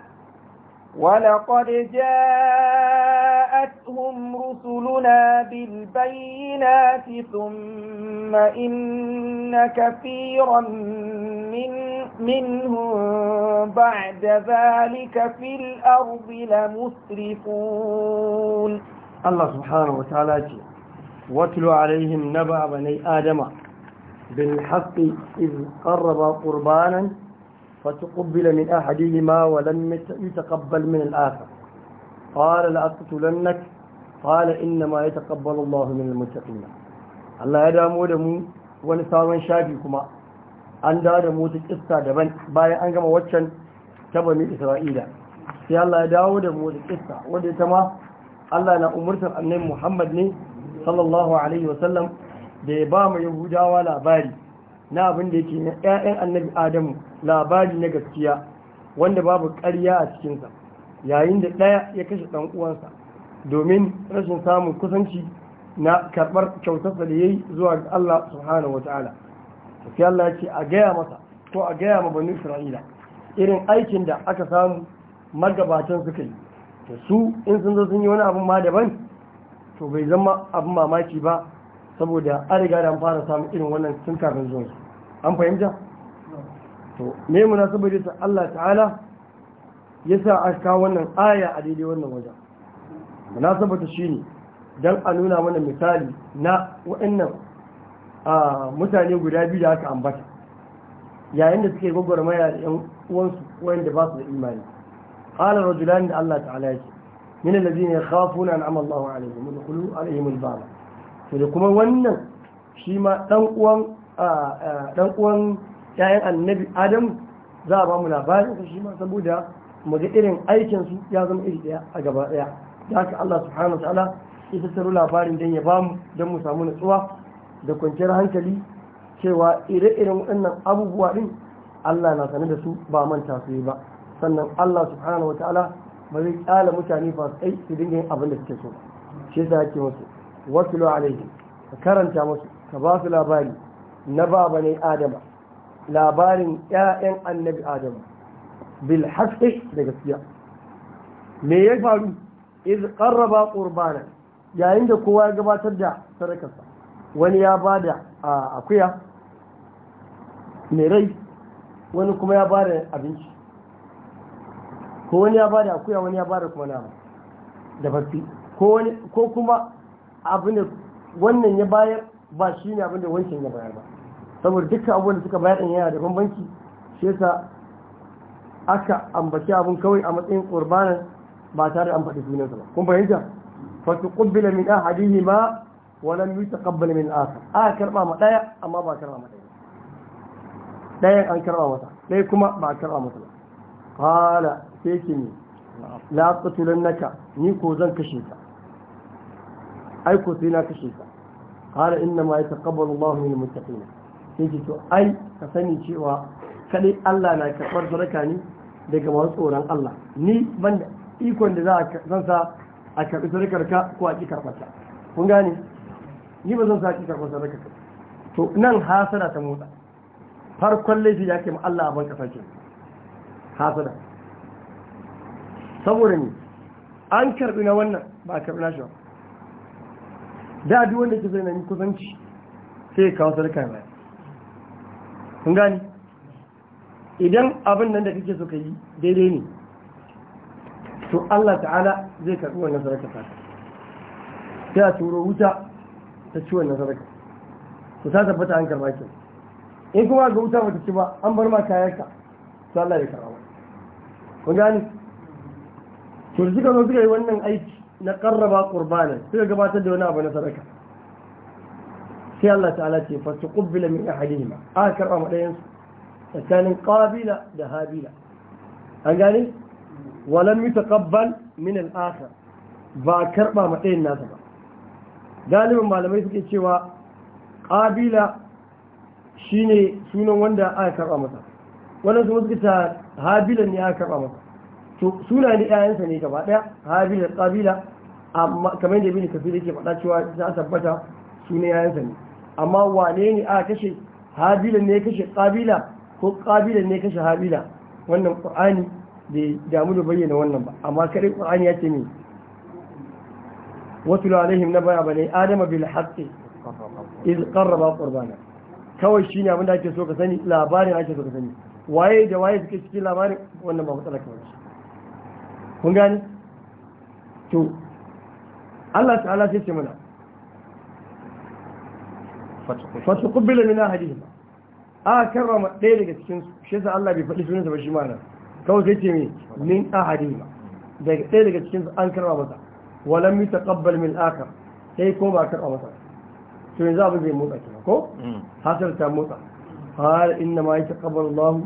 ولقد جاءتهم رسلنا بالبينات ثم إن كثيرا من منهم بعد ذلك في الأرض لمسرفون الله سبحانه وتعالى جيد واتل عليهم نبأ بني آدم بالحق إذ قربا قربانا فتقبل من أحدهما ولم يتقبل من الآخر قال لأقتلنك قال إنما يتقبل الله من المتقين Allah ya damo da wani sabon shafi kuma an dawo da mu ta daban bayan an gama waccan ta bani Isra'ila sai Allah ya dawo da mu ta kissa wanda ita ma Allah na umurtar annabi Muhammad ne sallallahu alaihi wasallam da ya ba mu yahudawa labari na abin da yake na 'ya'yan annabi adamu labari na gaskiya wanda babu ƙarya a cikinsa yayin da ɗaya ya kashe ɗan uwansa domin rashin samun kusanci na karɓar kyautarsa da ya yi zuwa ga Allah subhanahu wa sai Allah ya ce a gaya masa ko a gaya ma banu Isra'ila irin aikin da aka samu magabatan suka yi da su in sun zo sun yi wani abin ma daban to bai zama abin mamaki ba saboda an riga da an fara samun irin wannan tun kafin zuwa an fahimta to me saboda ta Allah ta'ala ya sa a kawo wannan aya a daidai wannan wajen saboda shi ne, don a nuna mana misali na waɗannan mutane guda biyu da aka ambata yayin da suke gwagwarmaya da 'yan uwansu wanda ba su da imani halar rajulani da Allah ta'ala ya ce min allazina yakhafuna an'ama Allahu alaihim yadkhulu alaihim al-bab to da kuma wannan shi ma dan uwan dan uwan yayan annabi Adam za bamu ba mu labarin shi ma saboda mu ga irin aikin su ya zama iri daya a gaba daya da haka Allah subhanahu wa ta'ala ya tattaro labarin dan ya ba mu dan mu samu nutsuwa da kwanciyar hankali cewa ire-iren waɗannan abubuwa din Allah na sane da su ba manta su yi ba sannan Allah subhanahu wa ta'ala ba zai kyala mutane ba su kai su dinga yin abin da suke so shi yasa yake musu wasu alaihi ka karanta musu ka ba su labari na baba ne adama labarin ƴaƴan annabi adama bil haqqi da gaskiya me ya faru iz qarraba qurbana yayin da kowa ya gabatar da sarakarsa. wani ya bada akuya mai rai wani kuma ya bada abinci ko wani ya bada akuya wani ya bada kuma nama da fafi ko kuma abin da wannan ya bayar ba shi ne abin da wancan ya bayar ba saboda duka abubuwan da suka bayar ɗin yana da bambanci shi yasa aka ambaci abin kawai a matsayin qurbanan ba tare da an faɗi sunansa ba kun fahimta fa tuqbila min ahadihima wa lam min akhar a karɓa ma ɗaya amma ba karba ma daya daya an karɓa mata dai kuma ba karba masa ba qala sai ke ne la qatulun naka ni ko zan kashe ka ai ko sai na kashe ka qala inna ma yataqabbalu Allahu min al-muttaqin sai ke to ai ka sani cewa kaɗai Allah na karɓar sadaka ne daga masu tsoron Allah ni ban da ikon da za a zan sa a karbi sadakar ka ko a ƙi karbar kun gane ni ba zan sa ki karbar sadakar ka to nan hasara ta motsa farkon laifi da ake ma Allah a ban kasa hasara saboda ne an karbi na wannan ba a karbi na shi ba da duk wanda ke zai nemi kusanci sai kawo sadaka ya bayar kun gani idan abin nan da kake so ka yi daidai ne to Allah ta'ala zai karbi wannan sadaka ta sai a turo wuta ta ci wannan sadaka to ta tabbata an karba ki in kuma ga wuta ba ta ci ba an bar ma kayanka to Allah ya karba kun gani to suka zo suka yi wannan aiki na karraba qurbanan suka gabatar da wani abu na sadaka sai Allah ta'ala ce fa tuqbila min ahadihima aka karba ma dayan su tsakanin qabila da habila an gani walam yutaqabbal min al-akhar ba karba ma dayan nasa ba galibin malamai suke cewa qabila shine sunan wanda aka karba masa wannan su suka ta habila ne aka karba masa to suna ne ƴaƴansa ne gaba ɗaya Habila da qabila amma kamar da kafin kafir ke faɗa cewa za a tabbata suna 'ya'yansa ne amma wane ne a kashe habila ne kashe qabila ko qabila ne kashe habila wannan qur'ani bai damu da bayyana wannan ba amma kare qur'ani ya ce ne واتل عليهم نبأ بني آدم بالحق إذ قربا قربانا kawai shine abin da ake so ka sani labarin ake so ka sani waye da waye suke cikin labarin wannan ba matsala kawai kun gani to Allah ta'ala sai ce mana fata kubbila min ahadihim a karrama ɗaya daga cikin su shi yasa Allah bai faɗi sunansa ba shi mana kawai sai ce me min ahadihim daga ɗaya daga cikin su an karrama masa walam yutaqabbal min akhar sai ko ba karrama masa to yanzu abin zai motsa kina ko mm. hasar ta motsa qala inna ma yataqabbalu Allah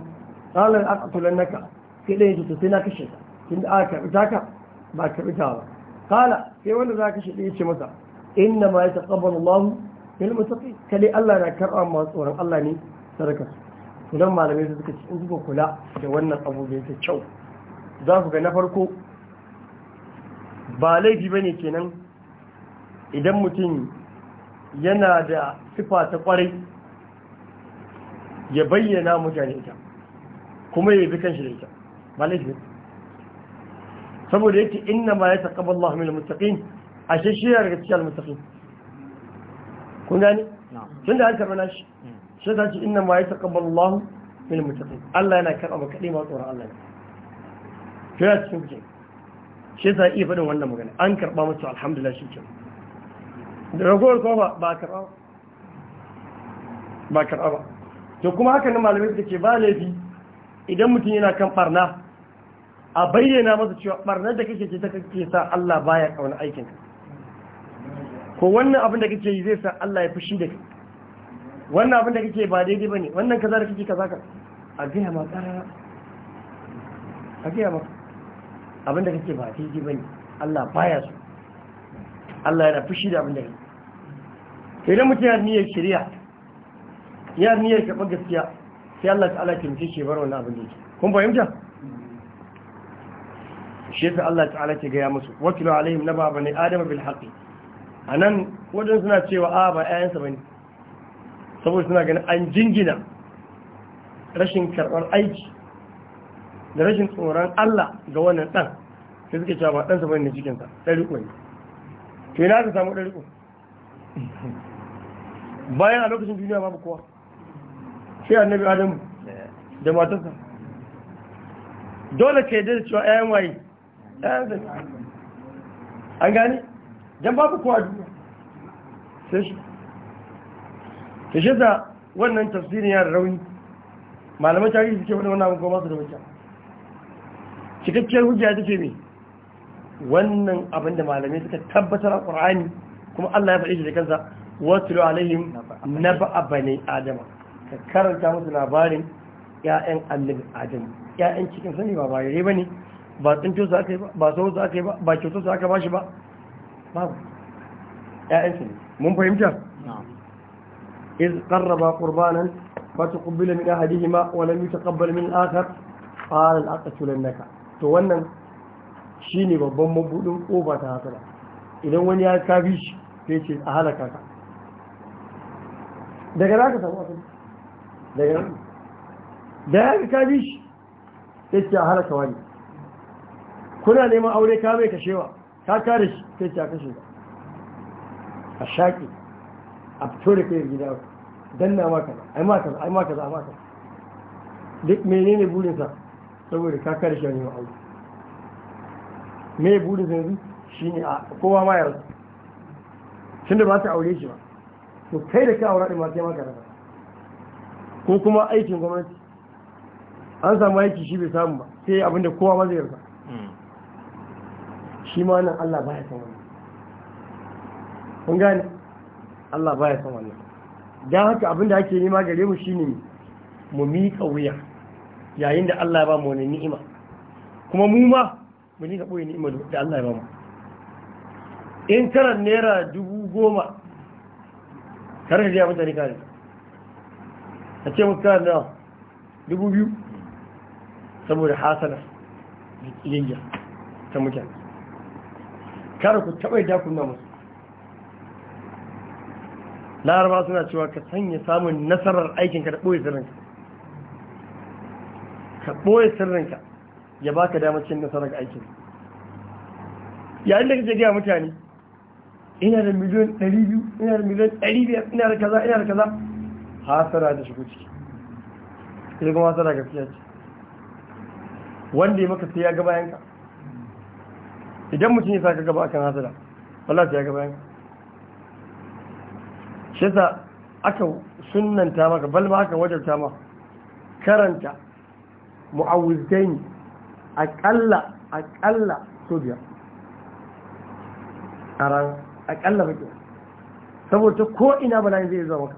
qala aqtulannaka sai dai to sai na kashe ka kin da aka karɓi taka ba karbi ta ba kala sai wanda za ka shiɗe ce masa inna ma ya taƙabbar Allah fil mutaqi kale Allah na karɓa masu tsoron Allah ne sadaka su. malamai su suka ci in kuka kula da wannan abu da yake kyau za ku ga na farko ba laifi ne kenan idan mutum yana da sifa ta kwarai ya bayyana mutane ita kuma ya bi kanshi da ita ba laifi saboda yake inna ma ya taqabbal Allah mai muttaqin ashe shi ya daga cikin almuttaqin kun gani tunda an karɓa nashi. Hmm. shi ta ce inna ma ya taqabbal Allah mai muttaqin Allah yana karɓa maka ma tsoron Allah shi ya cikin kuke shi ta iya faɗin wannan magana an karɓa musu alhamdulillah shi ke da ragowar kuma ba karɓa ba karɓa ba to kuma haka nan malamai suka ce ba laifi idan mutum yana kan farna a bayyana masa cewa barnar da kake ce ta kake sa Allah baya kauna aikin ko wannan abin da kake yi zai sa Allah ya fushi da kai wannan abin da kake ba daidai bane wannan kaza da kake kaza ka a gaya ma karara a gaya ma abin da kake ba daidai bane Allah baya so Allah yana fushi da abin da kake idan mutum ya niyyar shari'a ya niyyar karɓar gaskiya sai Allah ta'ala ya kimce shi bar wannan abin da yake kun fahimta shi yasa Allah ta'ala ke gaya musu wakilu alaihim Baba ne, adama bil haqqi anan wajen suna cewa a ba ƴaƴansa bane saboda suna ganin an jingina rashin karɓar aiki da rashin tsoron Allah ga wannan ɗan sai suke cewa ba ɗansa bane ne cikinsa ɗari ne to na ka samu ɗari bayan a lokacin duniya babu kowa sai annabi adamu da matarsa dole ka yi da cewa 'ya'yan waye Eh, an gane jan babu kowa duniya sai shi ta shi wannan tafsirin yana rauni malamai tarihi suke wani wannan abubuwa masu da wajen cikakkiyar hujja ta ce mai wannan abin da malamai suka tabbatar a ƙur'ani kuma allah ya faɗi shi da kansa watulu alayhim na ba'a bane adama ka karanta musu labarin 'ya'yan allin adam 'ya'yan cikin sani ba bare ba ne ba tsinto su aka yi ba ba sauran su aka yi ba ba kyautar su aka bashi ba babu ƴaƴansu ne mun fahimta iz qarraba qurbanan fa kubbila min ahadihima yi ta yutaqabbal min al-akhar qala al naka. to wannan shi ne babban mabudin kofa ta hasara idan wani ya kafi shi sai ce a halaka ka daga za ka samu asali daga da ya ka kafi shi sai ce a halaka wani kuna neman aure ka mai kashewa ka kare shi kai ta kashe ka a shaƙi a fito da kai gida don na maka ai maka ai maka za maka duk menene burinsa saboda ka kare shi a neman aure me burinsa yanzu shine a kowa ma yarda da ba ta aure shi ba to kai da ka aure din ma sai maka rasa ko kuma aikin gwamnati an samu aiki shi bai samu ba sai abinda kowa ma zai yarda shi ma nan Allah ya san wannan kun gane Allah ba ya san wannan dan haka abinda ake nema gare mu shine mu miƙa wuya yayin da Allah ya ba mu wani ni'ima kuma mu ma mu ni ka ɓoye ni'ima da Allah ya ba mu in karan naira dubu goma kar ka abin da mutane kare a ce mutu karan naira dubu biyu saboda hasana da ƙiyayya ta mutane kar ku taɓa da kunna musu laraba suna cewa ka sanya samun nasarar aikinka da ɓoye sirrinka ka ɓoye sirrinka ya baka damar cin nasarar aikin yayin da kake gaya mutane ina da miliyon 200 ina da miliyon 500 ina da kaza ina da kaza hasara da shigo ciki ita kuma hasara gaskiya ce wanda ya maka sai ya ga bayanka idan mutum ya saka gaba akan hasada wallahi ya gaba yanka shi sa aka sunanta maka bal ma aka wajarta ma karanta mu'awuzdain aƙalla aƙalla so biya a ran ba baƙi saboda ko ina bala'in zai zama maka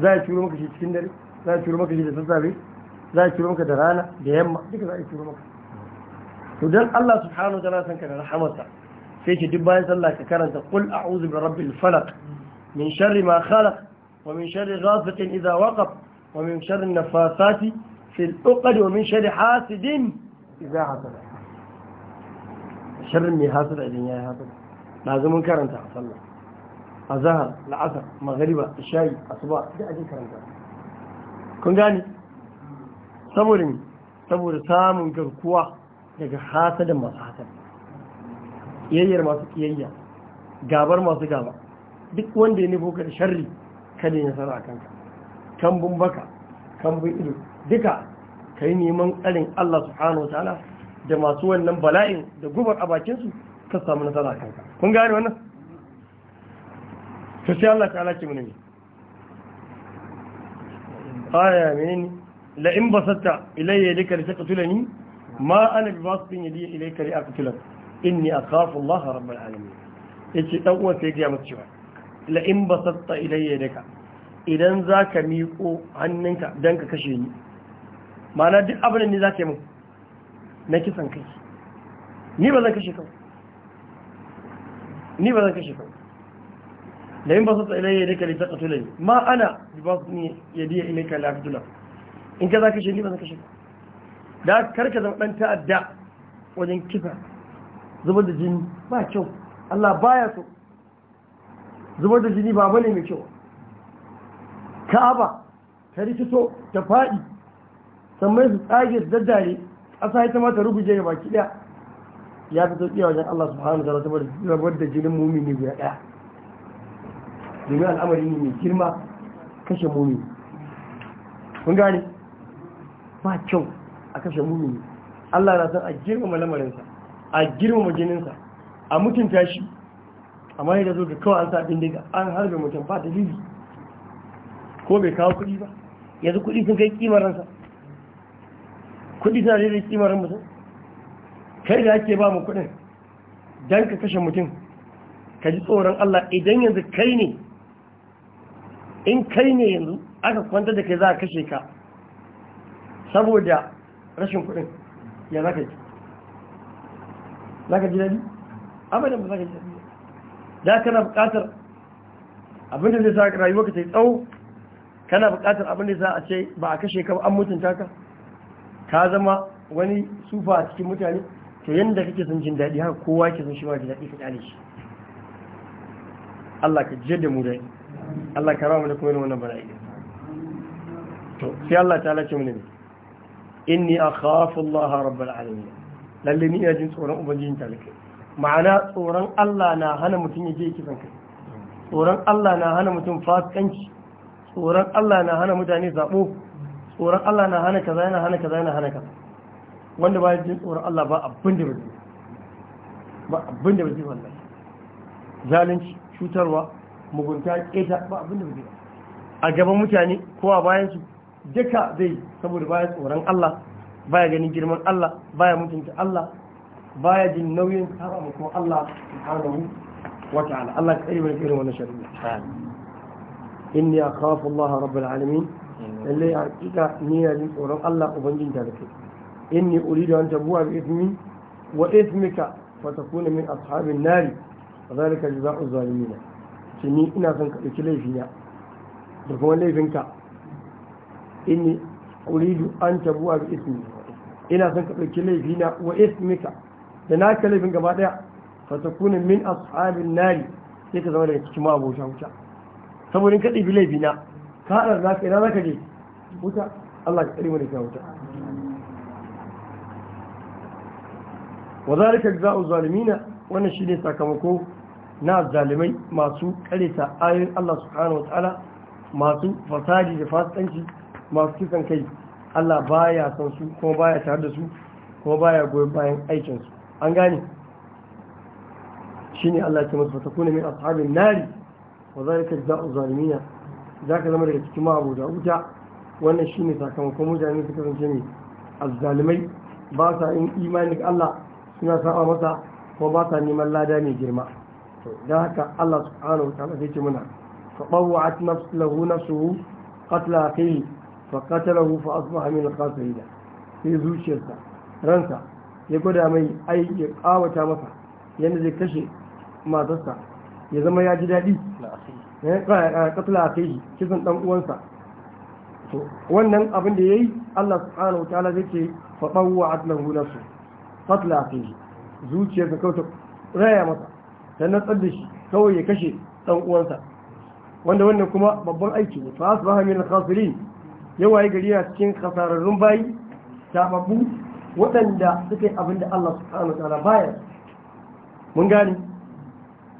za a ciro maka shi cikin dare za a ciro maka shi da sassafe za a ciro maka da rana da yamma duka za a ciro maka to dan Allah subhanahu wa ta'ala san ka da rahamarsa sai ki duk bayan sallah ka karanta qul a'udhu bi rabbil falaq min sharri ma khalaq wa min sharri ghasiqin idha waqab wa min sharri nafasati fil 'uqad wa min sharri hasidin idha hasad sharri mai hasada idan yayi hasada lazumin karanta a sallah azhar la'asar maghriba isha'i asuba da ajin karanta kun gani saboda saboda samun garkuwa daga hasadin masu hasad ƙiyayyar masu ƙiyayya gabar masu gaba duk wanda ya nufo ka da sharri kada ya nasara a kanka kambun baka kambun ido duka ka yi neman tsarin Allah subhanahu ta'ala da masu wannan bala'in da gubar a bakinsu ka samu nasara kanka kun gane wannan Ka sai Allah ta'ala ce mana ne aya menene la in basatta ilayya da li tulani ma ana bi masu bin yadda ilai kare a in ni a kafin laha rabbar alamin ya ce ɗan uwa sai ya masu cewa la'in ba satta ilayya daga idan za ka miƙo hannunka don ka kashe ni ma'ana duk abin ne ni za ka yi mun na kisan kai ni ba zan kashe kawai ni ba zan kashe kawai da yin ba su tsaye ya dika lita katula ne ma ana ba su ne ya biya ilai ka lafitula in ka za ka kashe ni ba zan kashe ka da karka zama ɗan ta'adda wajen kifa zubar da jini ba kyau Allah baya so zubar da jini ba bane mai kyau ka'aba ta rikito ta faɗi sannan su tsage su daddare ƙasa ita ma ta rubuje ga baki ɗaya ya fi sauƙi wajen Allah subhanahu wa ta'ala zubar da jinin mumini guda ɗaya domin al'amari ne mai girma kashe mumini kun gane ba kyau a kashe mumini Allah na san a girmama lamarinsa a girmama jininsa a mutunta shi amma yadda zo ga kawai an sa bindiga an harbe mutum ba ta lili ko bai kawo kuɗi ba yanzu kuɗi sun kai kimaransa kuɗi suna daidai kimarin mutum kai da ake ba mu kuɗin don ka kashe mutum ka ji tsoron Allah idan yanzu kai ne in kai ne yanzu aka kwanta da kai za a kashe ka saboda rashin kuɗin ya zaka ji za ka ji daɗi abadan ba za ka ji daɗi da kana buƙatar da zai sa rayuwa ka ta yi tsawo kana buƙatar abinda za a ce ba a kashe ka ba an mutunta ka ka zama wani sufa a cikin mutane to yadda kake son jin daɗi haka kowa ke son shi ba ji daɗi ka ƙyale shi Allah ka jiyar da mu dai Allah ka rama da kuma wannan bala'i to sai Allah ta lace mu ne inni akhafu Allah rabbul alamin lalle ni ina jin tsoron ubangijin talikai ma'ana tsoron Allah na hana mutum ya je kisan kai tsoron Allah na hana mutum fasikanci tsoron Allah na hana mutane zabo tsoron Allah na hana kaza yana hana kaza yana hana kaza wanda ba jin tsoron Allah ba abin da bai ba abin da bai wallahi zalunci cutarwa mugunta keta ba abin da bai a gaban mutane ko a bayan su duka zai saboda baya tsoron Allah baya ganin girman Allah baya mutunta Allah baya jin nauyin saba ma kuma Allah subhanahu wa ta'ala Allah ya tsare mana irin wannan shari'a inni akhafu Allah rabbul alamin lalle hakika ni na jin tsoron Allah ubangijin da kai inni uridu an tabuwa bi ismi wa ismika fa takuna min ashabin nari ذلك جزاء الظالمين شني ina son ka dauki laifina da kuma laifinka inni uridu an tabuwa bi ismi ina son ka ɗauki laifina wa ismika da na ka laifin gaba ɗaya kuna min ashabin nari sai ka zama daga cikin ma abota wuta saboda in ka ɗibi laifina ka haɗa za ka ina za ka je wuta Allah ka tsare mu da kyau wuta wa zalika jazaa'u zalimina wannan ne sakamako na zalimai masu kareta ayoyin Allah subhanahu wa ta'ala masu fasadi da fasikanci masu kisan kai Allah baya son su kuma baya tare da su kuma baya goyon bayan aikinsu an gane shine Allah ke masu fatakuna min ashabin nari wa zalika jaza'u zalimina ka zama daga cikin ma'abuda wuta wannan ne sakamakon mutane su kasance ne azzalimai ba sa yin imani ga Allah suna sa'a masa ko ba sa neman lada mai girma Da dan haka Allah subhanahu wa ta'ala zai ce muna fa bawwa'at nafsuhu qatla akhihi فقتله فأصبح من ya في زوجيرسا رنسا يقول أمي أي قاوة مسا ينزل كشي ما تسا يزم يا جدادي قتل أخيه كيفن دم أوانسا wannan abin da ya yi Allah subhanahu ta'ala zai ce faɗauwa atlahu nasu fatla a kai zuciyarsa kawai ta raya masa ta natsar da shi kawai ya kashe ɗan uwansa wanda wannan kuma babban aiki ne fa yawaye gari yana cikin kasararrun bayi tababbu waɗanda suka yi abin da Allah subhanahu ta'ala baya mun gane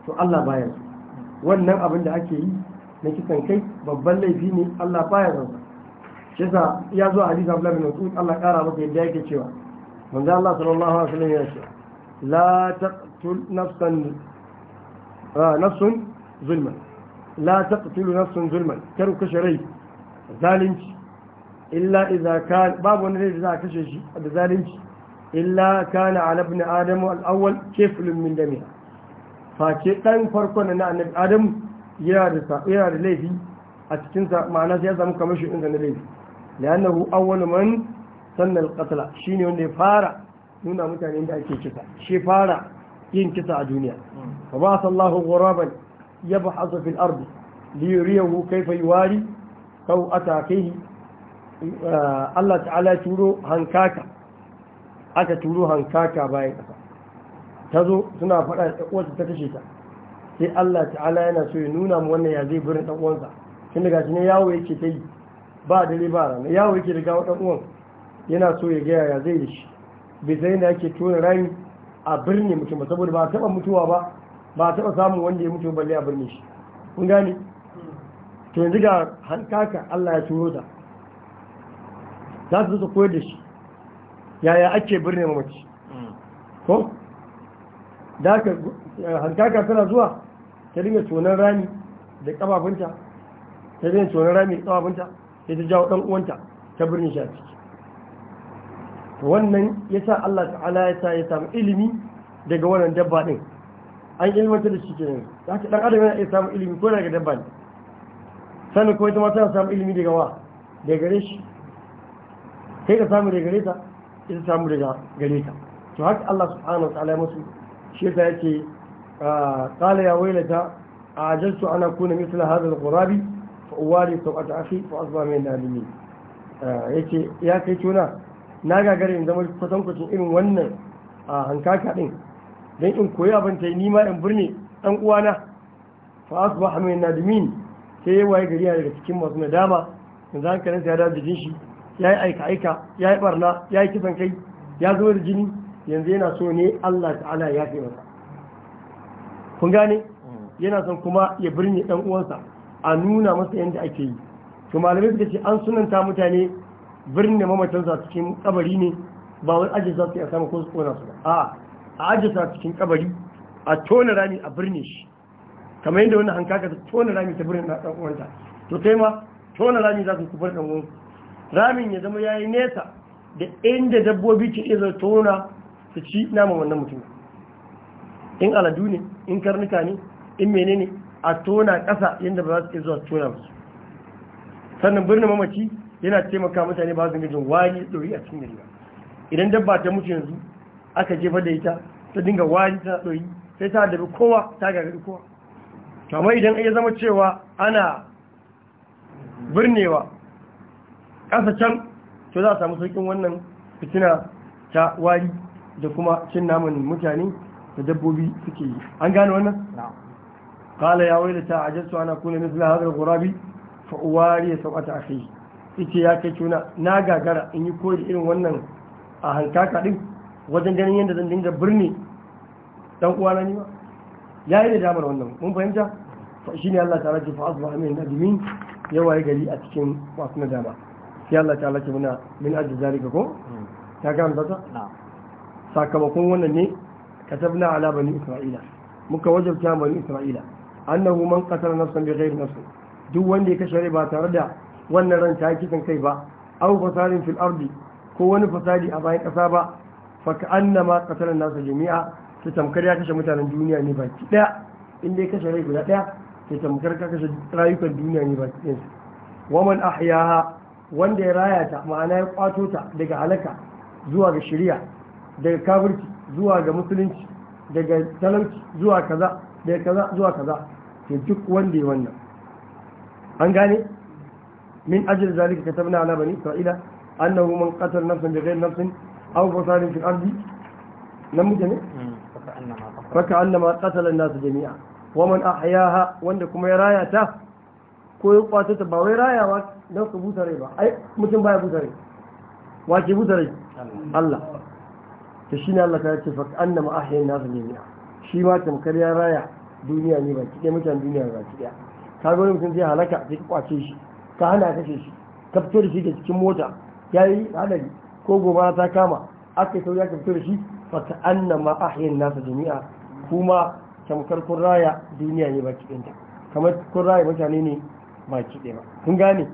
to Allah bayar wannan abin da ake yi na kisan kai babban laifi ne Allah bayar zansa shi sa ya zo hadisi Abdullah bin wasu Allah ƙara masa yadda yake cewa manzo Allah sallallahu alaihi wasallam ya ce la taqtul nafsan nafsun zulman la taqtulu nafsun zulman kashe rai zalunci illa idza babu wani laifi za a kashe shi da zalunci illa kana ala ibn adam al awwal kiflun min dami face dan farko na annabi adam yana da da laifi a cikin sa ma'ana sai ya samu kamar shi inda laifi li'annahu awwal man sanna al qatla shine wanda ya fara nuna mutane inda ake kisa shi fara yin kisa a duniya fa ba sallahu ghuraban yabhasu fil ardi li yuriyahu kayfa yuwari aw atakayhi Allah ta'ala turo hankaka aka turo hankaka bayan ƙasa ta zo suna faɗa da uwarsa ta kashe ta sai Allah ta'ala yana so ya nuna mu wannan ya zai birin ɗan tun daga shi ne yawo yake ta yi ba dare ba rana yawo yake da gawa ɗan yana so ya gaya ya zai da shi bai zai na yake tona rami a birni mutum saboda ba taɓa mutuwa ba ba taɓa samun wanda ya mutu balle a birni shi kun gane to yanzu ga hankaka Allah ya turo ta za su su koyar da shi yaya ake birnin mamaci ko da haka eh, hankaka tana zuwa ta dinga tonon rami da kafafunta ta dinga tonon rami da kafafunta sai ta jawo dan uwanta ta birnin shi a ciki wannan yasa Allah ta'ala ya sa ya samu ilimi daga wannan dabba din an ilmanta da shi kenan za ka dan adam yana iya samun ilimi ko daga dabba ne sannan kuma ita ma tana samun ilimi daga wa daga gare shi kai ka samu daga gare ta ita samu daga gare ta to haka Allah subhanahu wa ta'ala musu shi yasa yake ah, qala ya wailata ajaltu ana kuna mithla hadha al fa uwali sawat akhi fa asba min nadimi ah, yace ya kai tuna na gagare in zama kwatankwacin irin wannan ah, hankaka din dan in koyi abin ta ni ma in birni dan uwana fa asba min nadimi sai waye gariya daga cikin masu nadama yanzu hankalinsa ya dawo jikin shi ya yi aika-aika ya yi barna ya yi kisan kai ya zubar jini yanzu yana so ne Allah ta'ala ya fi masa kun gane yana son kuma ya birni dan uwansa a nuna masa yadda ake yi to malamai suka ce an sunanta mutane birni mamatansa cikin kabari ne ba wai ajiye za su yi a sama ko su kona su ba a a ajiye sa cikin kabari a tona rami a birni shi kamar yadda wani hankaka ta tona rami ta birni na dan uwanta to kai ma tona rami za su kubar dan uwanka ramin ya zama ya yi nesa da inda dabbobi ke iya tona su ci naman wannan mutum in aladu ne in karnuka ne in menene a tona ƙasa yadda ba za su iya zuwa tona su sannan birnin mamaci yana taimaka mutane ba su ga jin wari ɗori a cikin gari ba idan dabba ta mutu yanzu aka jefa da ita ta dinga wari ta ɗori sai ta dabi kowa ta gagari kowa idan ya zama cewa ana birnewa ƙasa can to za a samu saukin wannan fitina ta wari da kuma cin naman mutane da dabbobi suke yi an gane wannan qala ya da ajiyar su ana kuna mithla gurabi al-ghurabi ya uwari ta akhi ita ya kai tuna na gagara in yi kori irin wannan a hankaka ɗin wajen ganin yadda zan dinga birni dan uwana ne ba yi da damar wannan mun fahimta shi ne Allah ta ji fa'azuwa amin min nadimin yawa gari a cikin masu nadama sai Allah ta halaki muna min ajin zalika ko hmm. ta karanta ta sakamakon wannan ne katabna ala bani isra'ila muka wajabta bani isra'ila annahu man qatala nafsan bighairi nafsin duk wanda ya kashe rai ba tare da wannan ran ta kisan kai ba aw fasadin fil ardi ko wani fasadi a bayan kasa ba fa ka'annama qatala nasa jami'a ta tamkar ya kashe mutanen duniya ne baki daya inda ya kashe rai guda daya ta tamkar ka kashe rayukan duniya ne baki ɗayansu waman ahyaha wanda ya raya ta ma'ana ya kwato ta daga halaka zuwa ga shirya daga kafirci zuwa ga musulunci daga talauci zuwa kaza daga kaza zuwa kaza ke duk wanda ya wannan an gane min ajiyar zalika katabna ala bani isra'ila annahu man qatala nafsan bighayri nafsin aw fasadin fil arzi nan muke ne hmm, faka annama ma an nasu jami'a wa man ahyaha wanda kuma ya raya ta ko ya kwato ta ba wai ba don su buta rai ba ai mutum baya buta rai ke buta rai Allah ta shi ne Allah ta ce fa anna ma ahyan nasu jami'a shi ma tamkar ya raya duniya ne ba kiɗe mutan duniya ba kiɗe ka ga mutum zai halaka sai ka kwace shi ka hana kashe shi ka fito da shi da cikin mota ya yi hadari ko goma ta kama aka yi sauya ka fito da shi fa ta anna ma ahyan nasu jami'a kuma tamkar kun raya duniya ne ba kiɗinta kamar kun raya mutane ne ma kiɗe ba kun gane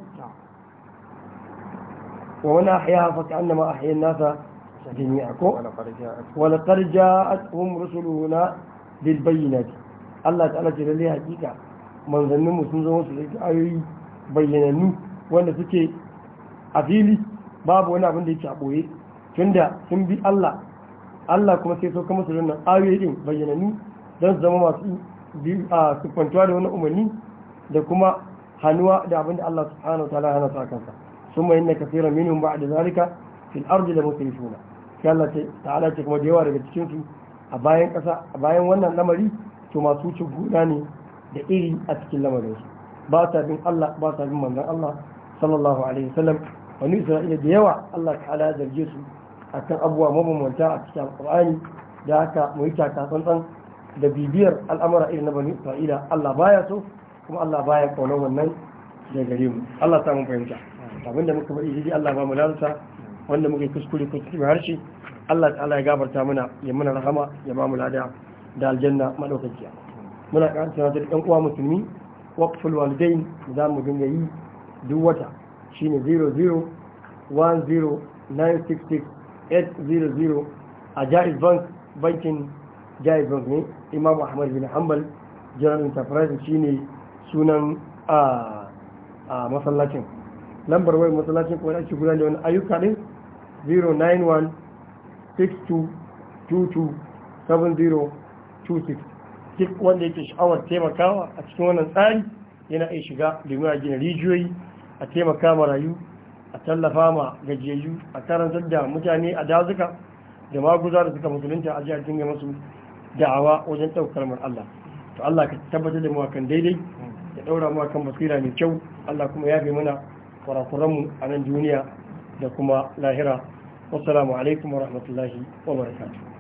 wa wani ahya fa ka annama ahyan nasa jami'a ko wala laqad ja'atuhum rusuluna bil bayyinati Allah ta'ala ce lalle hakika manzannin mu sun zo su da ayoyi bayyanannu wanda suke a fili babu wani abin da yake a boye tunda sun bi Allah Allah kuma sai sauka musu wannan ayoyi din bayyanannu don su zama masu a kwantuwa da wani umarni da kuma hannuwa da abinda Allah subhanahu wa ta'ala hana sa kansa summa inna kaseeran minhum ba'da zalika fil ardi la musrifuna sai Allah ta'ala ce kuma da yawa daga cikin su a bayan kasa a bayan wannan lamari to masu ci guda ne da iri a cikin lamarin su ba ta bin Allah ba ta bin manzon Allah sallallahu alaihi wasallam wani Isra'ila da yawa Allah ta'ala ya zarge su akan abubuwa mabambanta a cikin alqur'ani da haka mu yi tsantsan da bibiyar al'amura irin na bani Isra'ila Allah baya so kuma Allah baya kaunar wannan da gare mu Allah ta mun fahimta da muka bari shi Allah ba mu lalata wanda muka kuskure ko cikin harshe Allah ta'ala ya gafarta mana ya mana rahama ya ba mu lada da aljanna madaukakiya muna ƙara tunatar da uwa musulmi waqful walidain za mu dinga yi duk wata shine 0010966800 a Jaiz Bank bankin Jaiz Bank ne Imam Ahmad bin Hanbal General Enterprise shine sunan a masallacin lambar wayar masallacin kuma ake gudanar da wani ayyuka din 091 62 duk wanda yake sha'awar taimakawa a cikin wannan tsari yana iya shiga domin a gina rijiyoyi a taimaka marayu a tallafa ma gajiyayyu a karantar da mutane a dazuka da maguza da suka musulunta a jihar dinga masu da'awa wajen ɗaukar Allah to Allah ka tabbatar da mu kan daidai daura mu akan basira mai kyau Allah kuma yafe mana kurakuran mu a nan duniya da kuma lahira wassalamu alaikum wa rahmatullahi wa